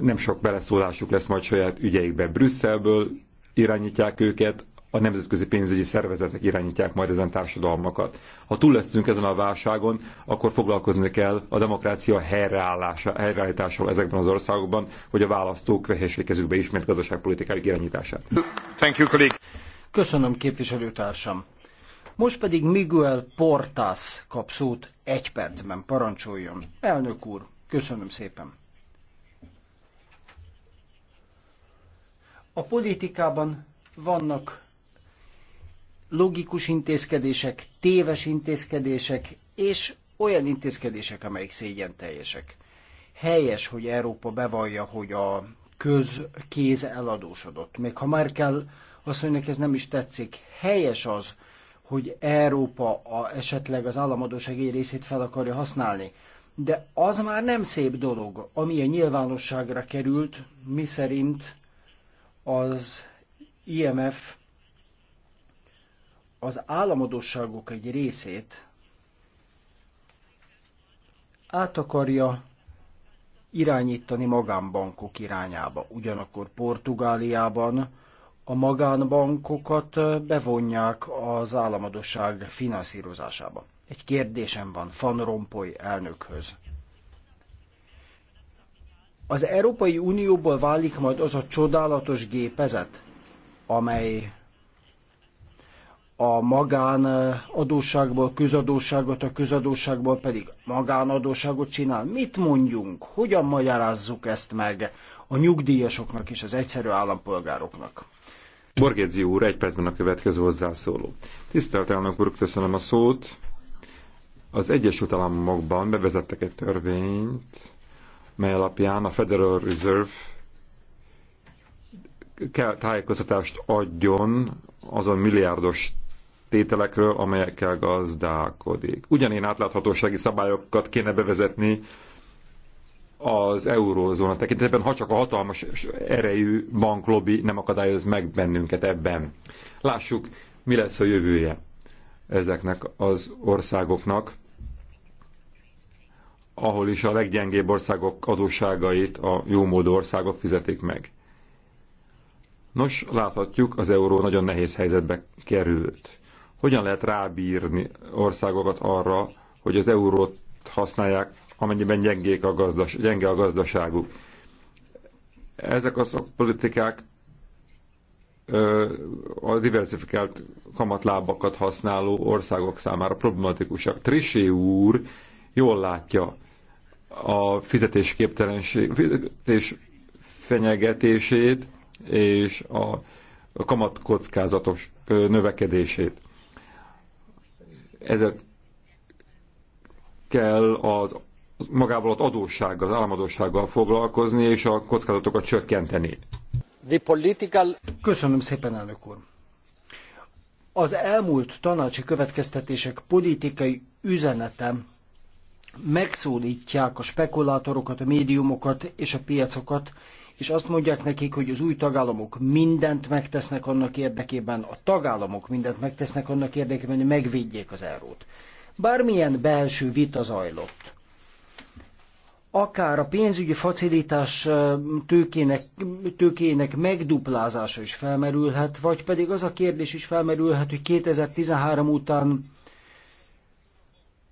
nem sok beleszólásuk lesz majd saját ügyeikbe. Brüsszelből irányítják őket, a nemzetközi pénzügyi szervezetek irányítják majd ezen társadalmakat. Ha túl leszünk ezen a válságon, akkor foglalkozni kell a demokrácia helyreállása, helyreállításával ezekben az országokban, hogy a választók vehessék kezükbe ismét gazdaságpolitikájuk irányítását. Thank you, colleague. Köszönöm, képviselőtársam. Most pedig Miguel Portas kap szót egy percben, parancsoljon. Elnök úr, köszönöm szépen. A politikában vannak logikus intézkedések, téves intézkedések, és olyan intézkedések, amelyek szégyen teljesek. Helyes, hogy Európa bevallja, hogy a közkéz eladósodott. Még ha Merkel asszonynak ez nem is tetszik, helyes az, hogy Európa a, esetleg az államadóság egy részét fel akarja használni. De az már nem szép dolog, ami a nyilvánosságra került, miszerint az IMF az államadóságok egy részét át akarja irányítani magánbankok irányába. Ugyanakkor Portugáliában a magánbankokat bevonják az államadóság finanszírozásába. Egy kérdésem van Van Rompuy elnökhöz. Az Európai Unióból válik majd az a csodálatos gépezet, amely a magán adósságból a közadóságból pedig magánadósságot csinál. Mit mondjunk? Hogyan magyarázzuk ezt meg a nyugdíjasoknak és az egyszerű állampolgároknak? Borgézi úr, egy percben a következő hozzászóló. Tisztelt elnök úr, köszönöm a szót. Az Egyesült Államokban bevezettek egy törvényt, mely alapján a Federal Reserve kell tájékoztatást adjon azon milliárdos tételekről, amelyekkel gazdálkodik. Ugyanén átláthatósági szabályokat kéne bevezetni az eurózóna tekintetében, ha csak a hatalmas erejű banklobby nem akadályoz meg bennünket ebben. Lássuk, mi lesz a jövője ezeknek az országoknak, ahol is a leggyengébb országok adósságait a jómódú országok fizetik meg. Nos, láthatjuk, az euró nagyon nehéz helyzetbe került. Hogyan lehet rábírni országokat arra, hogy az eurót használják, amennyiben gyengék a gazdas, gyenge a gazdaságuk? Ezek a politikák, a diversifikált kamatlábakat használó országok számára problematikusak. Trisé úr jól látja a fizetésképtelenség, fizetés fenyegetését és a kamat növekedését. Ezért kell az magával az adóssággal, az államadóssággal foglalkozni, és a kockázatokat csökkenteni. Political... Köszönöm szépen, elnök úr! Az elmúlt tanácsi következtetések politikai üzenetem megszólítják a spekulátorokat, a médiumokat és a piacokat, és azt mondják nekik, hogy az új tagállamok mindent megtesznek annak érdekében, a tagállamok mindent megtesznek annak érdekében, hogy megvédjék az eurót. Bármilyen belső vita zajlott, akár a pénzügyi facilitás tőkének, tőkének megduplázása is felmerülhet, vagy pedig az a kérdés is felmerülhet, hogy 2013 után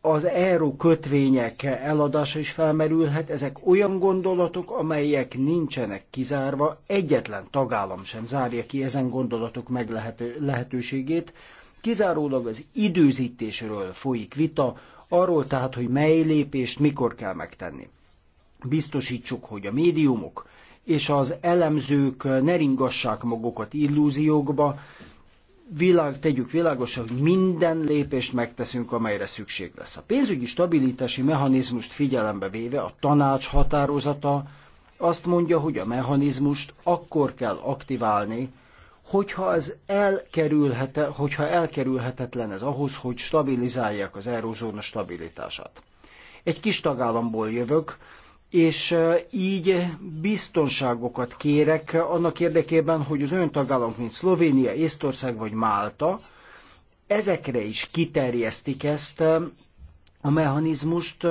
az euró kötvények eladása is felmerülhet. Ezek olyan gondolatok, amelyek nincsenek kizárva, egyetlen tagállam sem zárja ki ezen gondolatok meglehető, lehetőségét. Kizárólag az időzítésről folyik vita, arról tehát, hogy mely lépést mikor kell megtenni. Biztosítsuk, hogy a médiumok és az elemzők ne ringassák magukat illúziókba, világ, tegyük világos, hogy minden lépést megteszünk, amelyre szükség lesz. A pénzügyi stabilitási mechanizmust figyelembe véve a tanács határozata azt mondja, hogy a mechanizmust akkor kell aktiválni, hogyha ez elkerülhete, hogyha elkerülhetetlen ez ahhoz, hogy stabilizálják az eurózóna stabilitását. Egy kis tagállamból jövök, és így biztonságokat kérek annak érdekében, hogy az ön tagállamok, mint Szlovénia, Észtország vagy Málta, ezekre is kiterjesztik ezt a mechanizmust,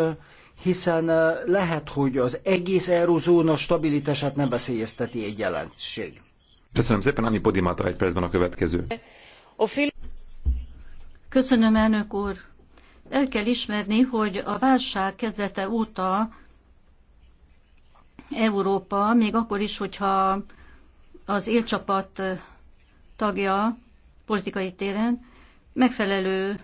hiszen lehet, hogy az egész eurozóna stabilitását nem veszélyezteti egy jelenség. Köszönöm szépen, Anni Podimata egy percben a következő. Köszönöm, elnök úr. El kell ismerni, hogy a válság kezdete óta Európa, még akkor is, hogyha az élcsapat tagja politikai téren, megfelelő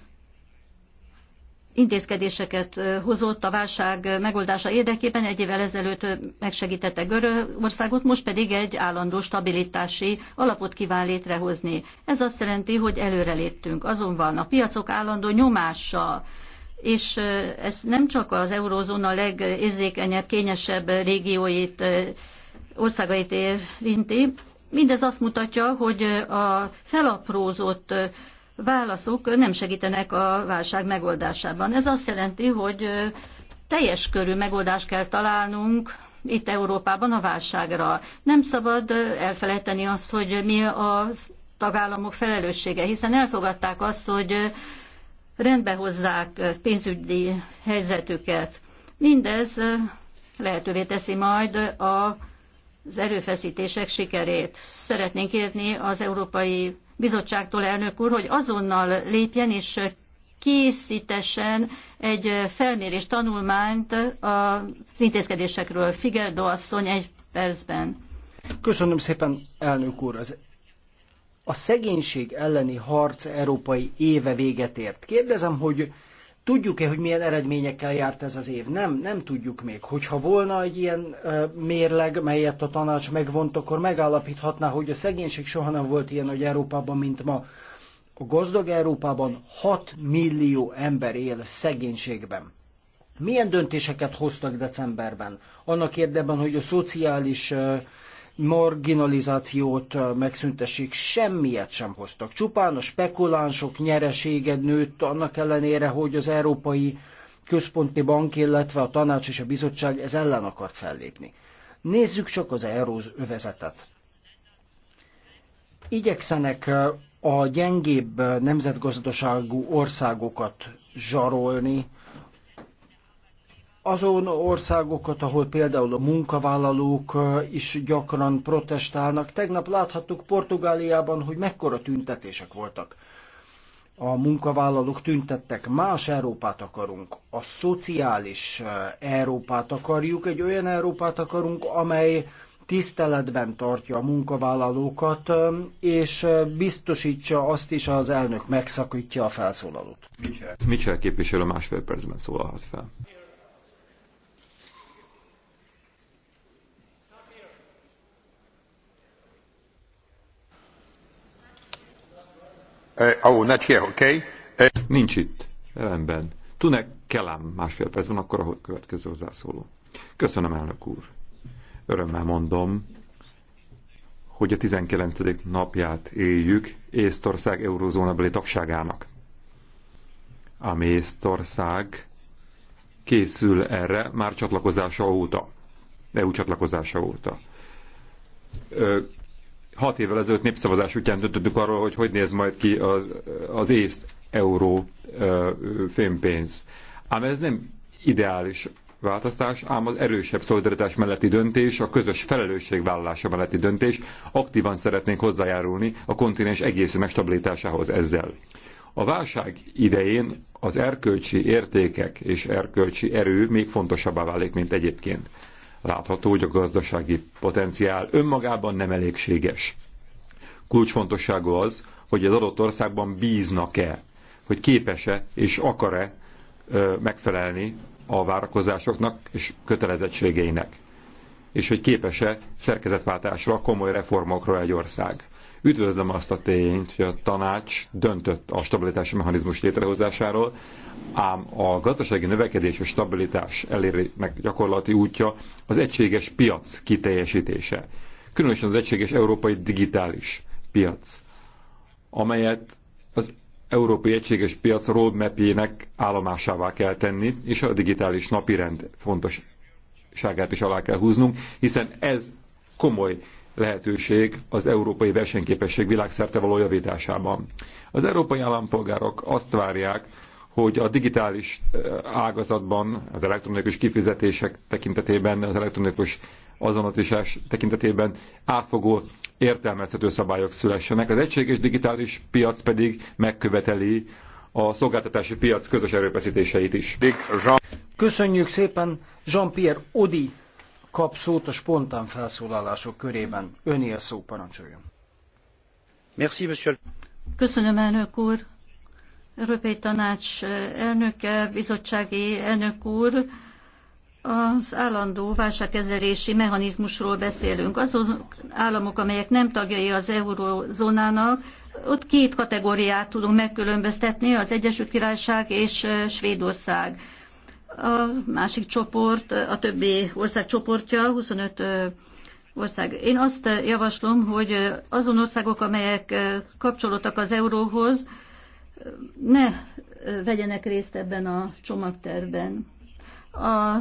intézkedéseket hozott a válság megoldása érdekében. Egy évvel ezelőtt megsegítette Görögországot, most pedig egy állandó stabilitási alapot kíván létrehozni. Ez azt jelenti, hogy előreléptünk. Azonban a piacok állandó nyomása és ez nem csak az eurózóna legérzékenyebb, kényesebb régióit, országait érinti. Mindez azt mutatja, hogy a felaprózott válaszok nem segítenek a válság megoldásában. Ez azt jelenti, hogy teljes körű megoldást kell találnunk itt Európában a válságra. Nem szabad elfelejteni azt, hogy mi a tagállamok felelőssége, hiszen elfogadták azt, hogy rendbe hozzák pénzügyi helyzetüket. Mindez lehetővé teszi majd a az erőfeszítések sikerét. Szeretnénk kérni az Európai Bizottságtól, elnök úr, hogy azonnal lépjen és készítesen egy felmérés tanulmányt az intézkedésekről. Figerdo asszony egy percben. Köszönöm szépen, elnök úr. Az a szegénység elleni harc európai éve véget ért. Kérdezem, hogy tudjuk-e, hogy milyen eredményekkel járt ez az év? Nem, nem tudjuk még. Hogyha volna egy ilyen mérleg, melyet a tanács megvont, akkor megállapíthatná, hogy a szegénység soha nem volt ilyen nagy Európában, mint ma. A gazdag Európában 6 millió ember él szegénységben. Milyen döntéseket hoztak decemberben? Annak érdeben, hogy a szociális marginalizációt megszüntessék, semmiet sem hoztak. Csupán a spekulánsok nyeresége nőtt annak ellenére, hogy az Európai Központi Bank, illetve a Tanács és a Bizottság ez ellen akart fellépni. Nézzük csak az euróz övezetet. Igyekszenek a gyengébb nemzetgazdaságú országokat zsarolni, azon országokat, ahol például a munkavállalók is gyakran protestálnak. Tegnap láthattuk Portugáliában, hogy mekkora tüntetések voltak. A munkavállalók tüntettek, más Európát akarunk, a szociális Európát akarjuk, egy olyan Európát akarunk, amely tiszteletben tartja a munkavállalókat, és biztosítsa azt is, az elnök megszakítja a felszólalót. Mit Mitchell képviselő másfél percben szólalhat fel. oh, eh, not here, okay? Eh, Nincs itt. Rendben. Tunek Kelám másfél percben, akkor a következő hozzászóló. Köszönöm, elnök úr. Örömmel mondom, hogy a 19. napját éljük Észtország eurozónabeli tagságának. Ami Észtország készül erre már csatlakozása óta, EU csatlakozása óta hat évvel ezelőtt népszavazás után döntöttük arról, hogy hogy néz majd ki az, az észt euró ö, fémpénz. Ám ez nem ideális változtás, ám az erősebb szolidaritás melletti döntés, a közös felelősségvállalása melletti döntés, aktívan szeretnénk hozzájárulni a kontinens egészének stabilitásához ezzel. A válság idején az erkölcsi értékek és erkölcsi erő még fontosabbá válik, mint egyébként. Látható, hogy a gazdasági potenciál önmagában nem elégséges. Kulcsfontosságú az, hogy az adott országban bíznak-e, hogy képes-e és akar-e megfelelni a várakozásoknak és kötelezettségeinek, és hogy képes-e szerkezetváltásra, komoly reformokra egy ország. Üdvözlöm azt a tényt, hogy a tanács döntött a stabilitási mechanizmus létrehozásáról, ám a gazdasági növekedés és stabilitás elérének gyakorlati útja az egységes piac kiteljesítése. Különösen az egységes európai digitális piac, amelyet az európai egységes piac roadmapjének állomásává kell tenni, és a digitális napirend fontosságát is alá kell húznunk, hiszen ez komoly lehetőség az európai versenyképesség világszerte való javításában. Az európai állampolgárok azt várják, hogy a digitális eh, ágazatban, az elektronikus kifizetések tekintetében, az elektronikus azonosítás tekintetében átfogó értelmezhető szabályok szülessenek. Az egységes digitális piac pedig megköveteli a szolgáltatási piac közös erőfeszítéseit is. Köszönjük szépen Jean-Pierre Odi kap szót a spontán felszólalások körében. Öné a szó, parancsoljon. Merci, monsieur. Köszönöm, elnök úr. Európai Tanács eh, elnöke, bizottsági elnök úr, az állandó válságkezelési mechanizmusról beszélünk. Azon államok, amelyek nem tagjai az eurozónának, ott két kategóriát tudunk megkülönböztetni, az Egyesült Királyság és eh, Svédország. A másik csoport, a többi ország csoportja, 25 ország. Én azt javaslom, hogy azon országok, amelyek kapcsolódtak az euróhoz, ne vegyenek részt ebben a csomagterben. A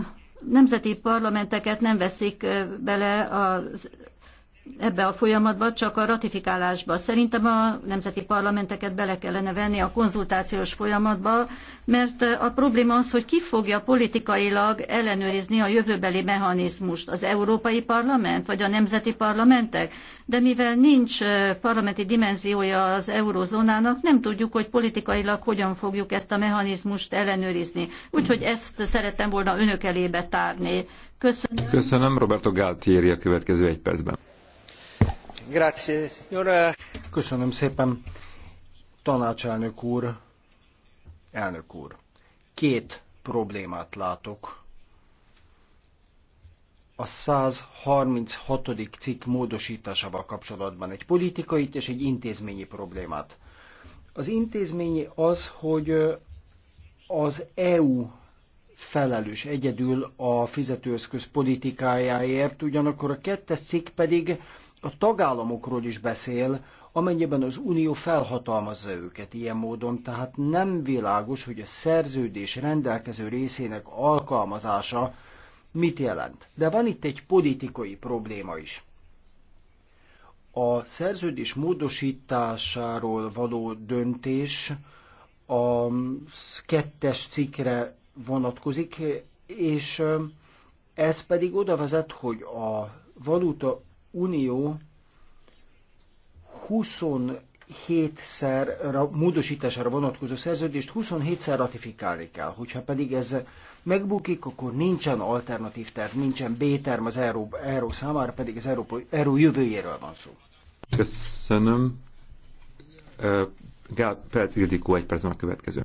nemzeti parlamenteket nem veszik bele az ebbe a folyamatba, csak a ratifikálásba. Szerintem a nemzeti parlamenteket bele kellene venni a konzultációs folyamatba, mert a probléma az, hogy ki fogja politikailag ellenőrizni a jövőbeli mechanizmust, az Európai Parlament vagy a nemzeti parlamentek. De mivel nincs parlamenti dimenziója az eurozónának, nem tudjuk, hogy politikailag hogyan fogjuk ezt a mechanizmust ellenőrizni. Úgyhogy ezt szerettem volna önök elébe tárni. Köszönöm. Köszönöm. Roberto Galtieri a következő egy percben. Köszönöm szépen. Tanácselnök úr, elnök úr, két problémát látok. A 136. cikk módosításával kapcsolatban egy politikai és egy intézményi problémát. Az intézményi az, hogy az EU felelős egyedül a fizetőeszköz politikájáért, ugyanakkor a kettes cikk pedig a tagállamokról is beszél, amennyiben az Unió felhatalmazza őket ilyen módon, tehát nem világos, hogy a szerződés rendelkező részének alkalmazása mit jelent. De van itt egy politikai probléma is. A szerződés módosításáról való döntés a kettes cikkre vonatkozik, és ez pedig oda vezet, hogy a valuta Unió 27-szer módosítására vonatkozó szerződést 27-szer ratifikálni kell. Hogyha pedig ez megbukik, akkor nincsen alternatív terv, nincsen B-term az Euró, Euró számára, pedig az Euró, Euró jövőjéről van szó. Köszönöm. Gál Perc Ildikó egy perc a következő.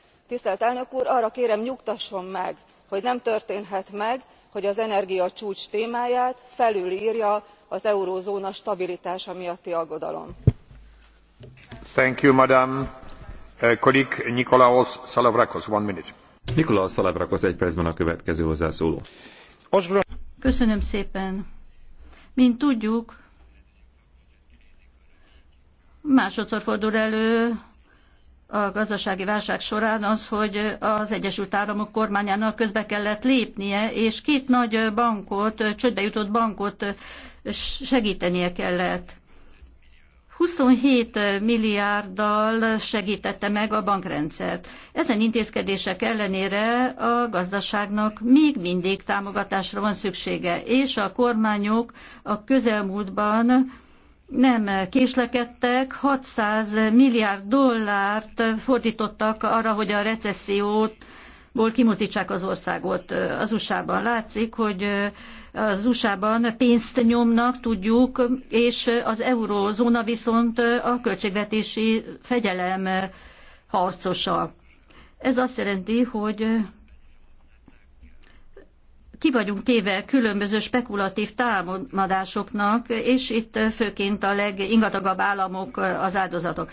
tisztelt elnök úr arra kérem nyugtasson meg hogy nem történhet meg hogy az energiacsúcs témáját felülrja az eurózóna stabilitása miatti aggodalom. Uh, Köszönöm szépen. mint tudjuk másodszor fordul elő a gazdasági válság során az, hogy az Egyesült Államok kormányának közbe kellett lépnie, és két nagy bankot, csődbe jutott bankot segítenie kellett. 27 milliárddal segítette meg a bankrendszert. Ezen intézkedések ellenére a gazdaságnak még mindig támogatásra van szüksége, és a kormányok a közelmúltban nem késlekedtek, 600 milliárd dollárt fordítottak arra, hogy a recessziót ból kimozdítsák az országot. Az USA-ban látszik, hogy az USA-ban pénzt nyomnak, tudjuk, és az eurózóna viszont a költségvetési fegyelem harcosa. Ez azt jelenti, hogy ki vagyunk téve különböző spekulatív támadásoknak, és itt főként a legingatagabb államok az áldozatok.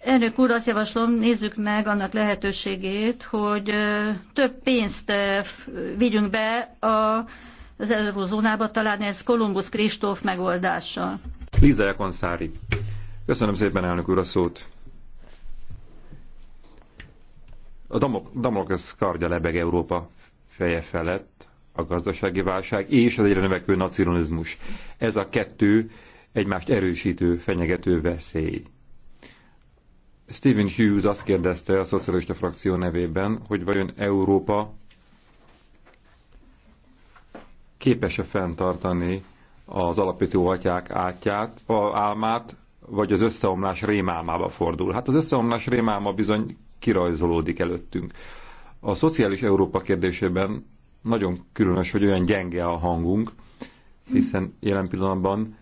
Elnök úr, azt javaslom, nézzük meg annak lehetőségét, hogy több pénzt vigyünk be a az eurozónába, talán ez Kolumbusz Kristóf megoldása. Liza Jakonszári. Köszönöm szépen, elnök úr, a szót. A Damok, Damokesz kardja lebeg Európa feje felett a gazdasági válság és az egyre növekvő nacionalizmus. Ez a kettő egymást erősítő, fenyegető veszély. Stephen Hughes azt kérdezte a szocialista frakció nevében, hogy vajon Európa képes-e fenntartani az alapító atyák átját, a álmát, vagy az összeomlás rémálmába fordul. Hát az összeomlás rémálma bizony kirajzolódik előttünk. A szociális Európa kérdésében nagyon különös, hogy olyan gyenge a hangunk, hiszen jelen pillanatban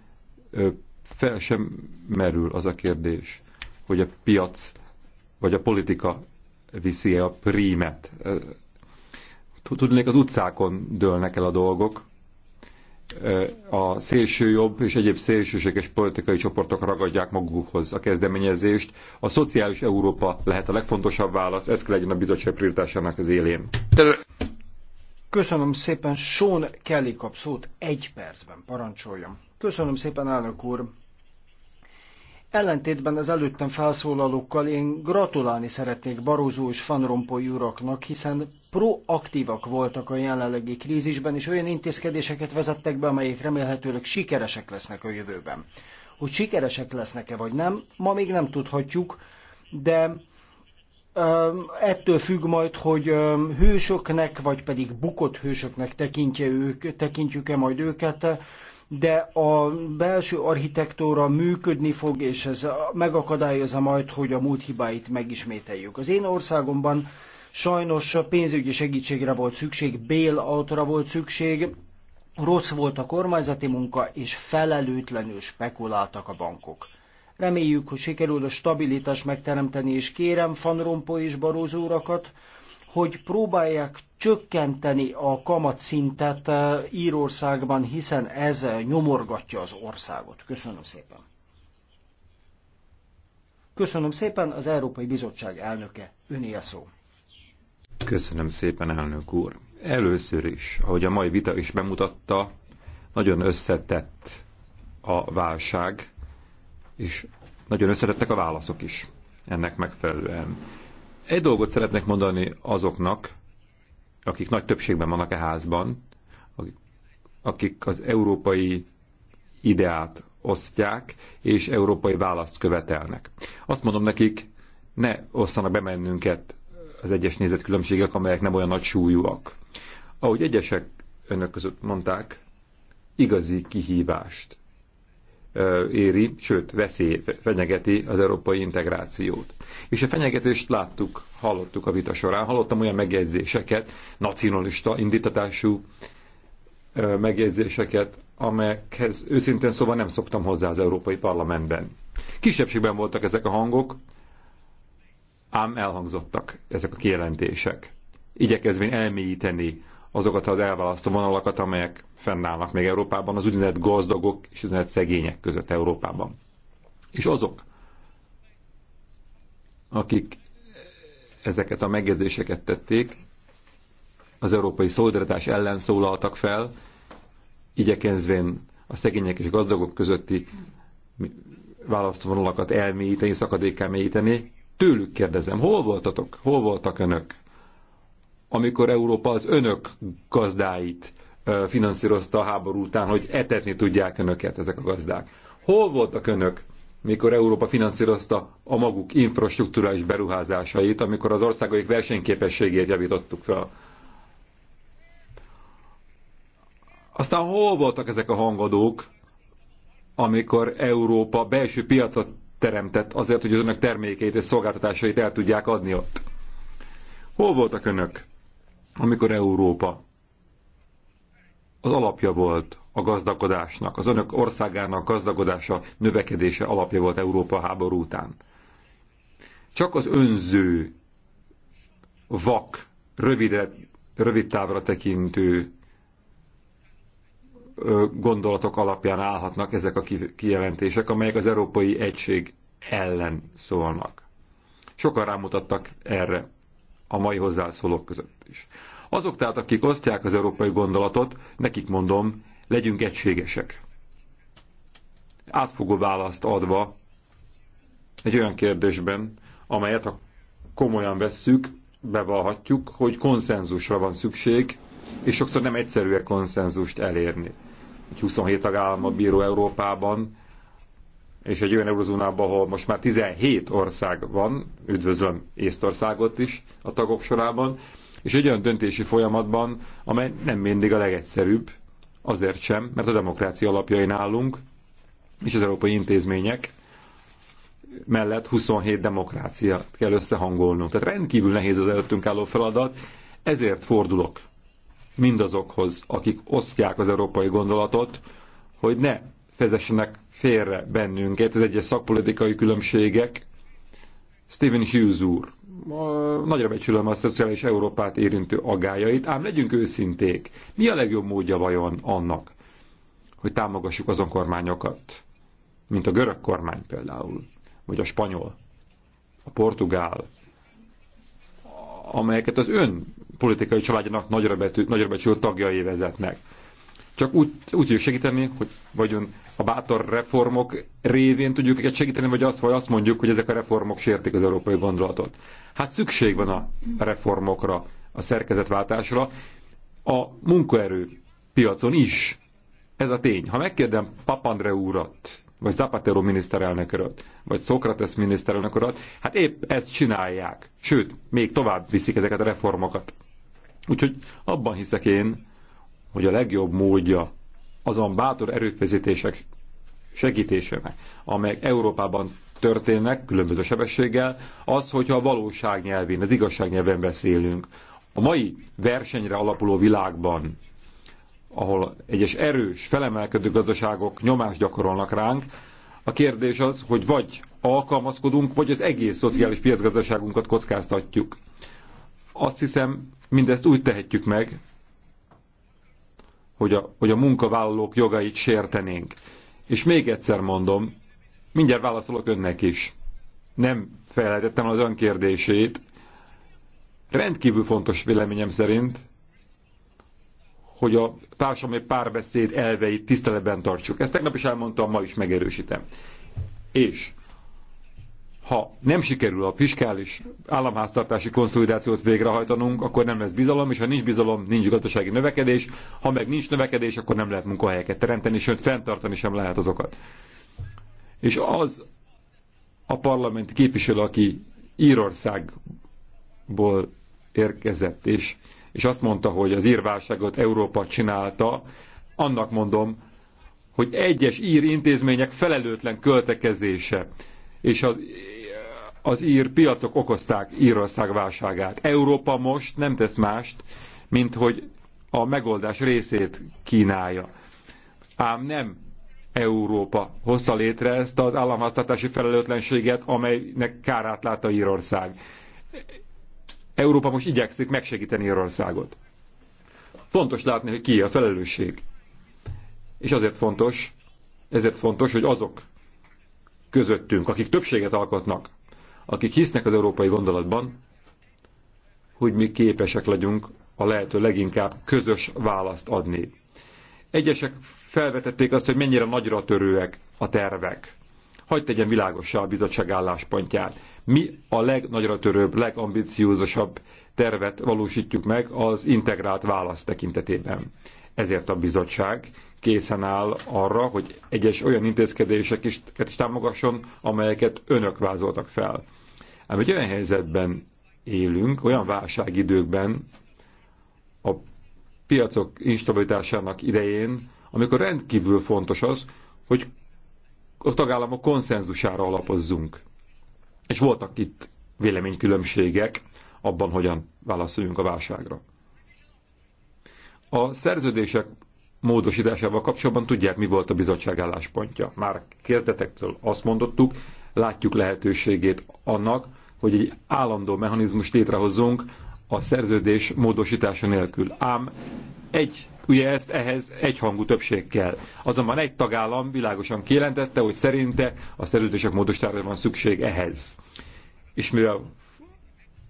fel sem merül az a kérdés, hogy a piac vagy a politika viszi -e a prímet. Tudnék, az utcákon dőlnek el a dolgok. A szélső jobb és egyéb szélsőséges politikai csoportok ragadják magukhoz a kezdeményezést. A szociális Európa lehet a legfontosabb válasz, ez kell legyen a bizottság prioritásának az élén. Köszönöm szépen, Sean Kelly kap szót egy percben, parancsoljam. Köszönöm szépen, elnök úr. Ellentétben az előttem felszólalókkal én gratulálni szeretnék Barózó és Van Rompuy uraknak, hiszen proaktívak voltak a jelenlegi krízisben, és olyan intézkedéseket vezettek be, amelyek remélhetőleg sikeresek lesznek a jövőben. Hogy sikeresek lesznek-e vagy nem, ma még nem tudhatjuk, de ettől függ majd, hogy hősöknek, vagy pedig bukott hősöknek tekintje ők, tekintjük-e majd őket, de a belső architektúra működni fog, és ez megakadályozza majd, hogy a múlt hibáit megismételjük. Az én országomban sajnos pénzügyi segítségre volt szükség, bailoutra volt szükség, rossz volt a kormányzati munka, és felelőtlenül spekuláltak a bankok. Reméljük, hogy sikerül a stabilitást megteremteni, és kérem Van Rompó és Barózó urakat, hogy próbálják csökkenteni a kamatszintet eh, Írországban, hiszen ez eh, nyomorgatja az országot. Köszönöm szépen. Köszönöm szépen, az Európai Bizottság elnöke, öné a szó. Köszönöm szépen, elnök úr. Először is, ahogy a mai vita is bemutatta, nagyon összetett a válság, és nagyon összetettek a válaszok is ennek megfelelően. Egy dolgot szeretnék mondani azoknak, akik nagy többségben vannak a e házban, akik az európai ideát osztják, és európai választ követelnek. Azt mondom nekik, ne osszanak be az egyes nézetkülönbségek, amelyek nem olyan nagy súlyúak. Ahogy egyesek önök között mondták, igazi kihívást éri, sőt veszély fenyegeti az európai integrációt. És a fenyegetést láttuk, hallottuk a vita során, hallottam olyan megjegyzéseket, nacionalista indítatású megjegyzéseket, amelyekhez őszintén szóval nem szoktam hozzá az Európai Parlamentben. Kisebbségben voltak ezek a hangok, ám elhangzottak ezek a kijelentések. Igyekezvén elmélyíteni azokat az elválasztó vonalakat, amelyek fennállnak még Európában, az úgynevezett gazdagok és az úgynevezett szegények között Európában. És azok, akik ezeket a megjegyzéseket tették, az európai szolidaritás ellen szólaltak fel, igyekezvén a szegények és gazdagok közötti választóvonalakat elmélyíteni, szakadékká mélyíteni. Tőlük kérdezem, hol voltatok, hol voltak önök amikor Európa az önök gazdáit finanszírozta a háború után, hogy etetni tudják önöket ezek a gazdák. Hol voltak önök, mikor Európa finanszírozta a maguk infrastruktúrális beruházásait, amikor az országaik versenyképességét javítottuk fel? Aztán hol voltak ezek a hangadók, amikor Európa belső piacot teremtett azért, hogy az önök termékeit és szolgáltatásait el tudják adni ott? Hol voltak önök? amikor Európa az alapja volt a gazdagodásnak, az önök országának gazdagodása, növekedése alapja volt Európa háború után. Csak az önző, vak, rövidre, rövid távra tekintő gondolatok alapján állhatnak ezek a kijelentések, amelyek az európai egység ellen szólnak. Sokan rámutattak erre a mai hozzászólók között is. Azok tehát, akik osztják az európai gondolatot, nekik mondom, legyünk egységesek. Átfogó választ adva egy olyan kérdésben, amelyet ha komolyan vesszük, bevallhatjuk, hogy konszenzusra van szükség, és sokszor nem egyszerű -e konszenzust elérni. Egy 27 tagállam a bíró Európában, és egy olyan eurozónában, ahol most már 17 ország van, üdvözlöm Észtországot is a tagok sorában, és egy olyan döntési folyamatban, amely nem mindig a legegyszerűbb, azért sem, mert a demokrácia alapjain állunk, és az európai intézmények mellett 27 demokráciát kell összehangolnunk. Tehát rendkívül nehéz az előttünk álló feladat, ezért fordulok mindazokhoz, akik osztják az európai gondolatot, hogy ne fezessenek félre bennünket az egyes szakpolitikai különbségek. Stephen Hughes úr nagyra becsülöm a szociális Európát érintő agályait, ám legyünk őszinték. Mi a legjobb módja vajon annak, hogy támogassuk azon kormányokat, mint a görög kormány például, vagy a spanyol, a portugál, amelyeket az ön politikai családjának nagyra, betű, nagyra becsült tagjai vezetnek. Csak úgy, úgy tudjuk segíteni, hogy vagyon a bátor reformok révén tudjuk őket segíteni, vagy azt, vagy azt mondjuk, hogy ezek a reformok sértik az európai gondolatot. Hát szükség van a reformokra, a szerkezetváltásra, a munkaerő piacon is. Ez a tény. Ha megkérdem Papandre úrat, vagy Zapatero miniszterelnököröt, vagy Szokrates miniszterelnököröt, hát épp ezt csinálják. Sőt, még tovább viszik ezeket a reformokat. Úgyhogy abban hiszek én, hogy a legjobb módja azon bátor erőfeszítések segítésének, amelyek Európában történnek különböző sebességgel, az, hogyha a valóság nyelvén, az igazság nyelven beszélünk. A mai versenyre alapuló világban, ahol egyes erős, felemelkedő gazdaságok nyomást gyakorolnak ránk, a kérdés az, hogy vagy alkalmazkodunk, vagy az egész szociális piacgazdaságunkat kockáztatjuk. Azt hiszem, mindezt úgy tehetjük meg, hogy a, hogy a munkavállalók jogait sértenénk. És még egyszer mondom, mindjárt válaszolok önnek is. Nem felejtettem az ön kérdését. Rendkívül fontos véleményem szerint, hogy a társadalmi párbeszéd elveit tiszteletben tartsuk. Ezt tegnap is elmondtam, ma is megerősítem. És ha nem sikerül a fiskális államháztartási konszolidációt végrehajtanunk, akkor nem lesz bizalom, és ha nincs bizalom, nincs gazdasági növekedés, ha meg nincs növekedés, akkor nem lehet munkahelyeket teremteni, sőt fenntartani sem lehet azokat. És az a parlamenti képviselő, aki Írországból érkezett, és, és azt mondta, hogy az írválságot Európa csinálta, annak mondom, hogy egyes ír intézmények felelőtlen költekezése és az az ír piacok okozták Írország válságát. Európa most nem tesz mást, mint hogy a megoldás részét kínálja. Ám nem Európa hozta létre ezt az államháztartási felelőtlenséget, amelynek kárát látta Írország. Európa most igyekszik megsegíteni Írországot. Fontos látni, hogy ki a felelősség. És azért fontos, ezért fontos, hogy azok közöttünk, akik többséget alkotnak akik hisznek az európai gondolatban, hogy mi képesek legyünk a lehető leginkább közös választ adni. Egyesek felvetették azt, hogy mennyire nagyra törőek a tervek. Hagy tegyen világossá a bizottság álláspontját. Mi a legnagyra törőbb, legambiciózusabb tervet valósítjuk meg az integrált válasz tekintetében. Ezért a bizottság készen áll arra, hogy egyes olyan intézkedéseket is, támogasson, amelyeket önök vázoltak fel. Ám egy olyan helyzetben élünk, olyan válságidőkben, a piacok instabilitásának idején, amikor rendkívül fontos az, hogy a tagállamok konszenzusára alapozzunk. És voltak itt véleménykülönbségek abban, hogyan válaszoljunk a válságra. A szerződések módosításával kapcsolatban tudják, mi volt a bizottság álláspontja. Már kérdetektől azt mondottuk, látjuk lehetőségét annak, hogy egy állandó mechanizmus létrehozzunk a szerződés módosítása nélkül. Ám egy, ugye ezt ehhez egyhangú többség kell. Azonban egy tagállam világosan kijelentette, hogy szerinte a szerződések módosítására van szükség ehhez. És mivel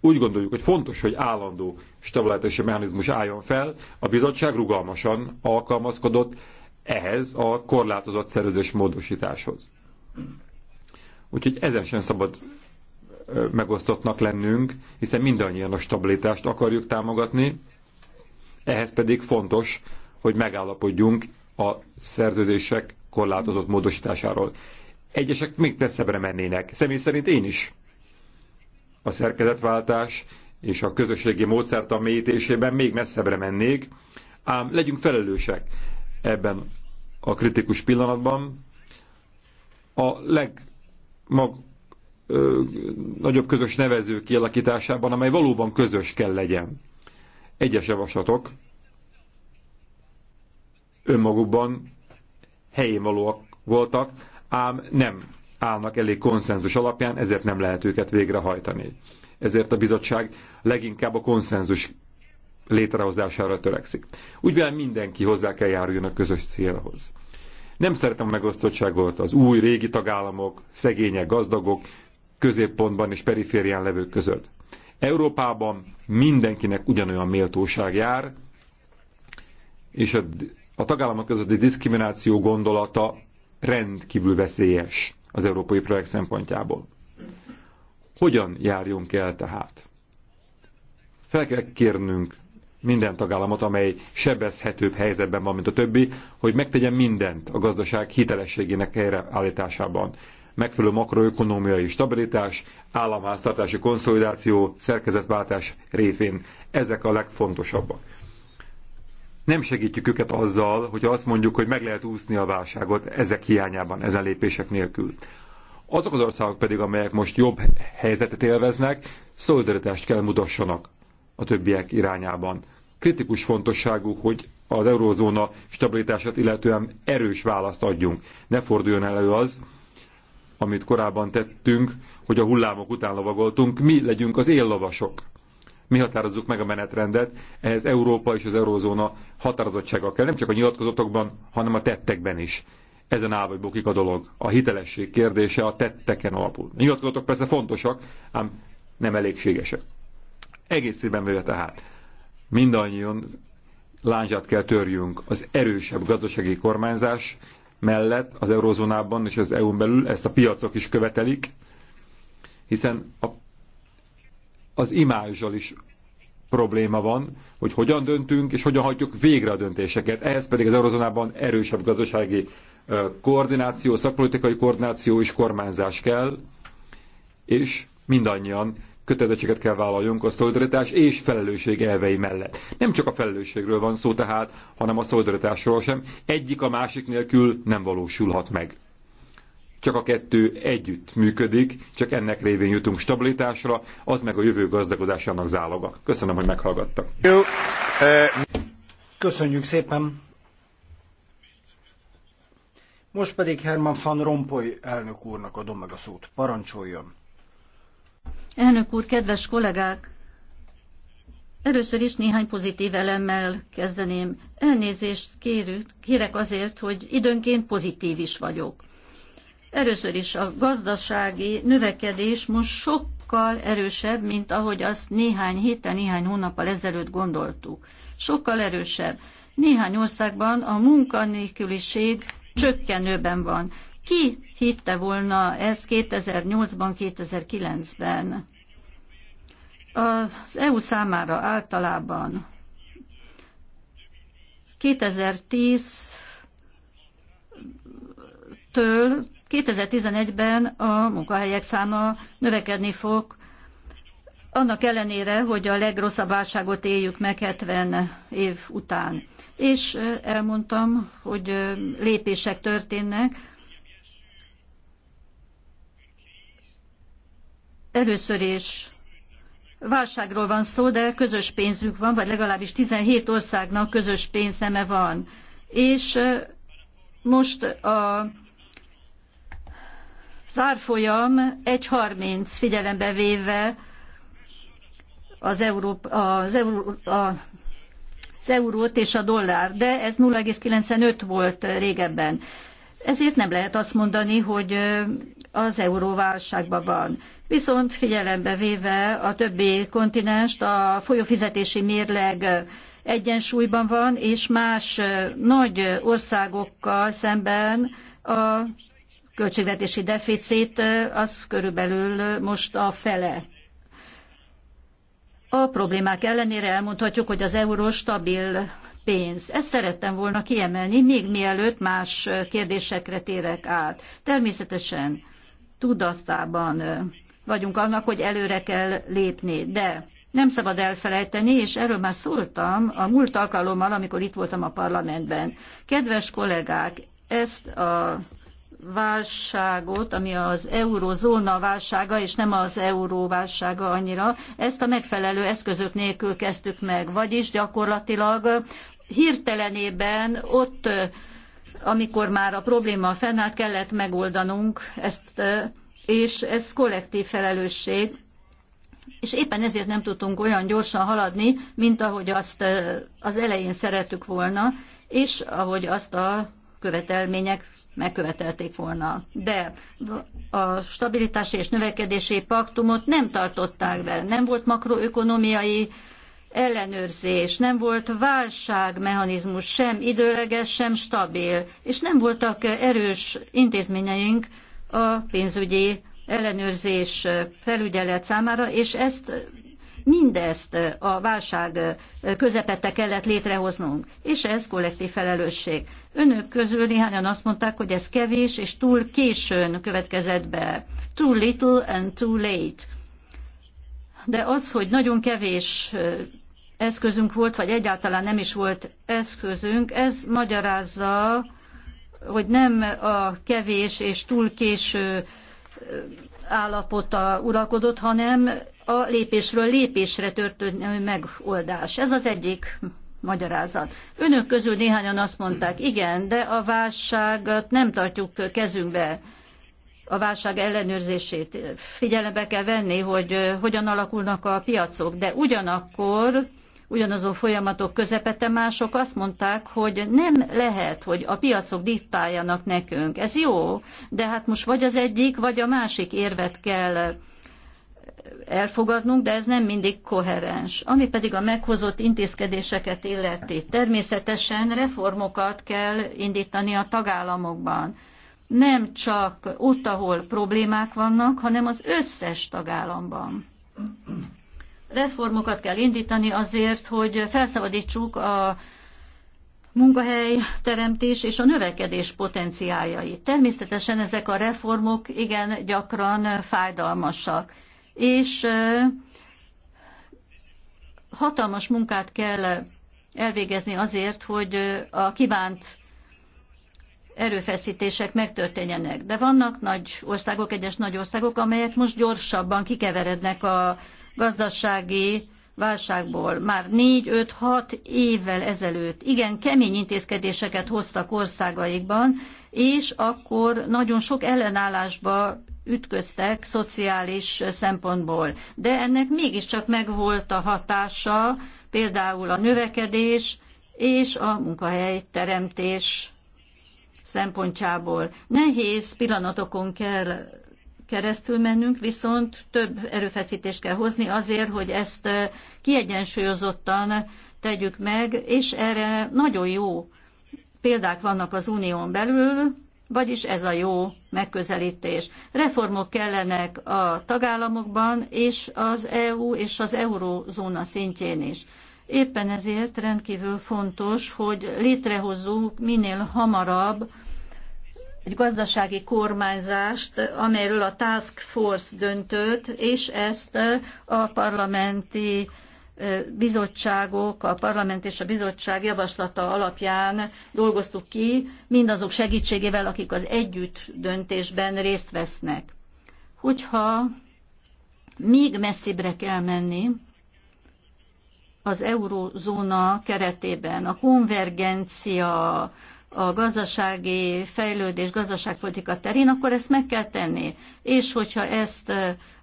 úgy gondoljuk, hogy fontos, hogy állandó stabilitási mechanizmus álljon fel, a bizottság rugalmasan alkalmazkodott ehhez a korlátozott szerződés módosításhoz. Úgyhogy ezen sem szabad megosztottnak lennünk, hiszen mindannyian a stabilitást akarjuk támogatni, ehhez pedig fontos, hogy megállapodjunk a szerződések korlátozott módosításáról. Egyesek még messzebbre mennének. Személy szerint én is a szerkezetváltás és a közösségi módszert a mélyítésében még messzebbre mennék, ám legyünk felelősek ebben a kritikus pillanatban. A legmag nagyobb közös nevező kialakításában, amely valóban közös kell legyen. Egyes javaslatok önmagukban helyén valóak voltak, ám nem állnak elég konszenzus alapján, ezért nem lehet őket végrehajtani. Ezért a bizottság leginkább a konszenzus létrehozására törekszik. Úgy vélem mindenki hozzá kell járuljon a közös célhoz. Nem szeretem a megosztottságot, az új, régi tagállamok, szegények, gazdagok, középpontban és periférián levők között. Európában mindenkinek ugyanolyan méltóság jár, és a, a tagállamok közötti diszkrimináció gondolata rendkívül veszélyes az európai projekt szempontjából. Hogyan járjunk el tehát? Fel kell kérnünk minden tagállamot, amely sebezhetőbb helyzetben van, mint a többi, hogy megtegyen mindent a gazdaság hitelességének helyreállításában. Megfelelő makroökonómiai stabilitás, államháztartási konszolidáció, szerkezetváltás révén. Ezek a legfontosabbak nem segítjük őket azzal, hogy azt mondjuk, hogy meg lehet úszni a válságot ezek hiányában, ezen lépések nélkül. Azok az országok pedig, amelyek most jobb helyzetet élveznek, szolidaritást kell mutassanak a többiek irányában. Kritikus fontosságú, hogy az eurózóna stabilitását illetően erős választ adjunk. Ne forduljon elő az, amit korábban tettünk, hogy a hullámok után lovagoltunk, mi legyünk az éllovasok mi határozzuk meg a menetrendet, ehhez Európa és az Eurózóna határozottsága kell, nem csak a nyilatkozatokban, hanem a tettekben is. Ezen áll vagy bukik a dolog. A hitelesség kérdése a tetteken alapul. A nyilatkozatok persze fontosak, ám nem elégségesek. Egészében véve tehát mindannyian láncsát kell törjünk az erősebb gazdasági kormányzás mellett az eurozónában és az EU-n belül, ezt a piacok is követelik, hiszen a az imázsal is probléma van, hogy hogyan döntünk és hogyan hagyjuk végre a döntéseket. Ehhez pedig az eurozónában erősebb gazdasági koordináció, szakpolitikai koordináció és kormányzás kell, és mindannyian kötelezettséget kell vállaljunk a szolidaritás és felelősség elvei mellett. Nem csak a felelősségről van szó tehát, hanem a szolidaritásról sem. Egyik a másik nélkül nem valósulhat meg csak a kettő együtt működik, csak ennek révén jutunk stabilitásra, az meg a jövő gazdagodásának záloga. Köszönöm, hogy meghallgattak. Köszönjük szépen. Most pedig Herman van Rompuy elnök úrnak adom meg a szót. Parancsoljon. Elnök úr, kedves kollégák! Először is néhány pozitív elemmel kezdeném. Elnézést kérük, kérek azért, hogy időnként pozitív is vagyok. Először is a gazdasági növekedés most sokkal erősebb, mint ahogy azt néhány héten, néhány hónappal ezelőtt gondoltuk. Sokkal erősebb. Néhány országban a munkanélküliség csökkenőben van. Ki hitte volna ezt 2008-ban, 2009-ben? Az EU számára általában 2010 től 2011-ben a munkahelyek száma növekedni fog, annak ellenére, hogy a legrosszabb válságot éljük meg 70 év után. És elmondtam, hogy lépések történnek. Először is válságról van szó, de közös pénzük van, vagy legalábbis 17 országnak közös pénzeme van. És most a zárfolyam 1.30 figyelembe véve az, Európ, az, Euró, az eurót és a dollár, de ez 0,95 volt régebben. Ezért nem lehet azt mondani, hogy az euró válságban van. Viszont figyelembe véve a többi kontinenst, a folyófizetési mérleg egyensúlyban van, és más nagy országokkal szemben a költségvetési deficit az körülbelül most a fele. A problémák ellenére elmondhatjuk, hogy az euró stabil pénz. Ezt szerettem volna kiemelni, még mielőtt más kérdésekre térek át. Természetesen tudatában vagyunk annak, hogy előre kell lépni, de nem szabad elfelejteni, és erről már szóltam a múlt alkalommal, amikor itt voltam a parlamentben. Kedves kollégák, ezt a válságot, ami az eurozóna válsága, és nem az euró válsága annyira, ezt a megfelelő eszközök nélkül kezdtük meg. Vagyis gyakorlatilag hirtelenében ott, amikor már a probléma fennállt, kellett megoldanunk ezt, és ez kollektív felelősség, és éppen ezért nem tudtunk olyan gyorsan haladni, mint ahogy azt az elején szerettük volna, és ahogy azt a követelmények megkövetelték volna. De a stabilitási és növekedési paktumot nem tartották be, nem volt makroökonomiai ellenőrzés, nem volt válságmechanizmus sem időleges, sem stabil, és nem voltak erős intézményeink a pénzügyi ellenőrzés felügyelet számára, és ezt Mindezt a válság közepette kellett létrehoznunk, és ez kollektív felelősség. Önök közül néhányan azt mondták, hogy ez kevés, és túl későn következett be. Too little and too late. De az, hogy nagyon kevés eszközünk volt, vagy egyáltalán nem is volt eszközünk, ez magyarázza, hogy nem a kevés és túl késő állapota uralkodott, hanem a lépésről lépésre történő megoldás. Ez az egyik magyarázat. Önök közül néhányan azt mondták, igen, de a válságot nem tartjuk kezünkbe a válság ellenőrzését figyelembe kell venni, hogy hogyan alakulnak a piacok, de ugyanakkor ugyanazon folyamatok közepete mások azt mondták, hogy nem lehet, hogy a piacok diktáljanak nekünk. Ez jó, de hát most vagy az egyik, vagy a másik érvet kell elfogadnunk, de ez nem mindig koherens. Ami pedig a meghozott intézkedéseket illeti. Természetesen reformokat kell indítani a tagállamokban. Nem csak ott, ahol problémák vannak, hanem az összes tagállamban reformokat kell indítani azért, hogy felszabadítsuk a munkahely teremtés és a növekedés potenciáljait. Természetesen ezek a reformok igen gyakran fájdalmasak, és hatalmas munkát kell elvégezni azért, hogy a kívánt erőfeszítések megtörténjenek. De vannak nagy országok, egyes nagy országok, amelyek most gyorsabban kikeverednek a gazdasági válságból már 4-5-6 évvel ezelőtt igen kemény intézkedéseket hoztak országaikban, és akkor nagyon sok ellenállásba ütköztek szociális szempontból. De ennek mégiscsak megvolt a hatása, például a növekedés és a munkahely teremtés szempontjából. Nehéz pillanatokon kell keresztül mennünk, viszont több erőfeszítést kell hozni azért, hogy ezt eh, kiegyensúlyozottan tegyük meg, és erre nagyon jó példák vannak az unión belül, vagyis ez a jó megközelítés. Reformok kellenek a tagállamokban és az EU és az eurózóna szintjén is. Éppen ezért rendkívül fontos, hogy létrehozzunk minél hamarabb egy gazdasági kormányzást, amelyről a Task Force döntött, és ezt a parlamenti bizottságok, a parlament és a bizottság javaslata alapján dolgoztuk ki, mindazok segítségével, akik az együtt döntésben részt vesznek. Hogyha még messzibbre kell menni az eurózóna keretében, a konvergencia, a gazdasági fejlődés, gazdaságpolitika terén, akkor ezt meg kell tenni. És hogyha ezt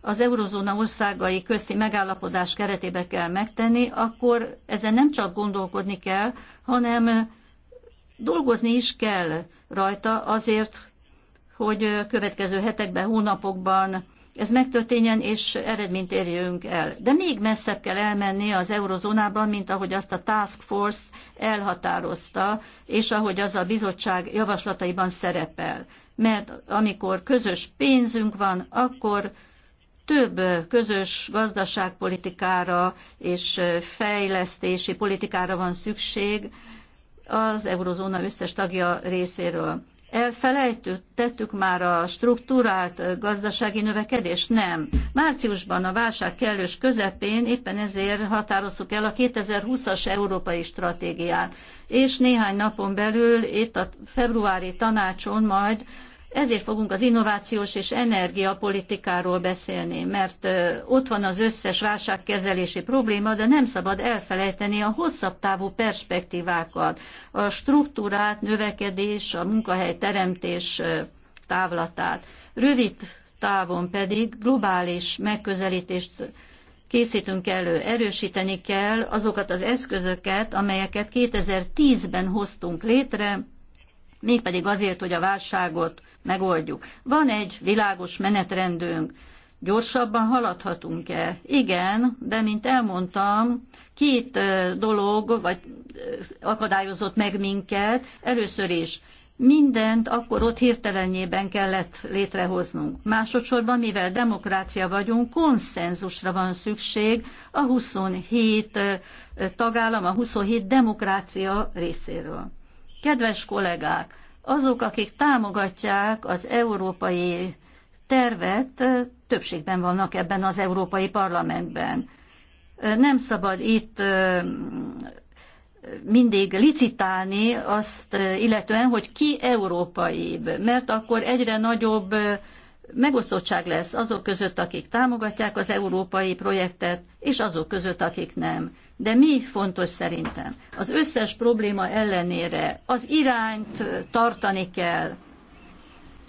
az eurozóna országai közti megállapodás keretében kell megtenni, akkor ezen nem csak gondolkodni kell, hanem dolgozni is kell rajta azért, hogy következő hetekben, hónapokban ez megtörténjen és eredményt érjünk el. De még messzebb kell elmenni az eurozónában, mint ahogy azt a Task Force elhatározta, és ahogy az a bizottság javaslataiban szerepel. Mert amikor közös pénzünk van, akkor több közös gazdaságpolitikára és fejlesztési politikára van szükség az eurozóna összes tagja részéről. Elfelejtettük már a struktúrált gazdasági növekedést? Nem. Márciusban a válság kellős közepén éppen ezért határoztuk el a 2020-as európai stratégiát. És néhány napon belül itt a februári tanácson majd ezért fogunk az innovációs és energiapolitikáról beszélni, mert ott van az összes válságkezelési probléma, de nem szabad elfelejteni a hosszabb távú perspektívákat, a struktúrát, növekedés, a munkahely teremtés távlatát. Rövid távon pedig globális megközelítést készítünk elő, erősíteni kell azokat az eszközöket, amelyeket 2010-ben hoztunk létre, mégpedig azért, hogy a válságot megoldjuk. Van egy világos menetrendünk, gyorsabban haladhatunk-e? Igen, de mint elmondtam, két dolog vagy akadályozott meg minket. Először is mindent akkor ott hirtelenjében kellett létrehoznunk. Másodszorban, mivel demokrácia vagyunk, konszenzusra van szükség a 27 tagállam, a 27 demokrácia részéről. Kedves kollégák, azok, akik támogatják az európai tervet, többségben vannak ebben az Európai Parlamentben. Nem szabad itt mindig licitálni azt illetően, hogy ki európai? mert akkor egyre nagyobb megosztottság lesz azok között, akik támogatják az európai projektet, és azok között, akik nem. De mi fontos szerintem? Az összes probléma ellenére az irányt tartani kell,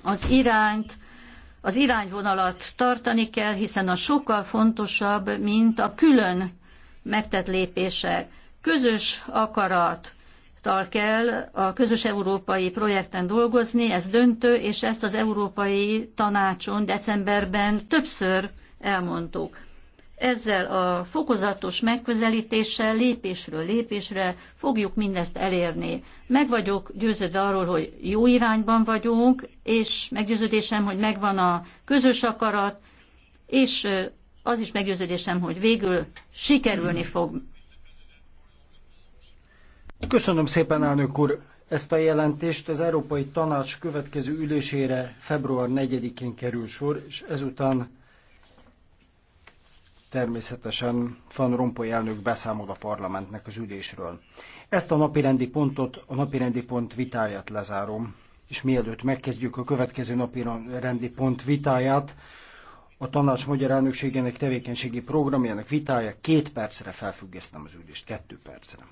az irányt, az irányvonalat tartani kell, hiszen a sokkal fontosabb, mint a külön megtett lépések. Közös akarat, tal kell a közös európai projekten dolgozni, ez döntő, és ezt az Európai Tanácson decemberben többször elmondtuk ezzel a fokozatos megközelítéssel lépésről lépésre fogjuk mindezt elérni. Meg vagyok győződve arról, hogy jó irányban vagyunk, és meggyőződésem, hogy megvan a közös akarat, és az is meggyőződésem, hogy végül sikerülni fog. Köszönöm szépen, elnök úr! Ezt a jelentést az Európai Tanács következő ülésére február 4-én kerül sor, és ezután Természetesen Van Rompuy elnök beszámol a parlamentnek az ülésről. Ezt a napirendi pontot, a napirendi pont vitáját lezárom, és mielőtt megkezdjük a következő napirendi pont vitáját, a tanács magyar elnökségének tevékenységi programjának vitája két percre felfüggesztem az ülést, kettő percre.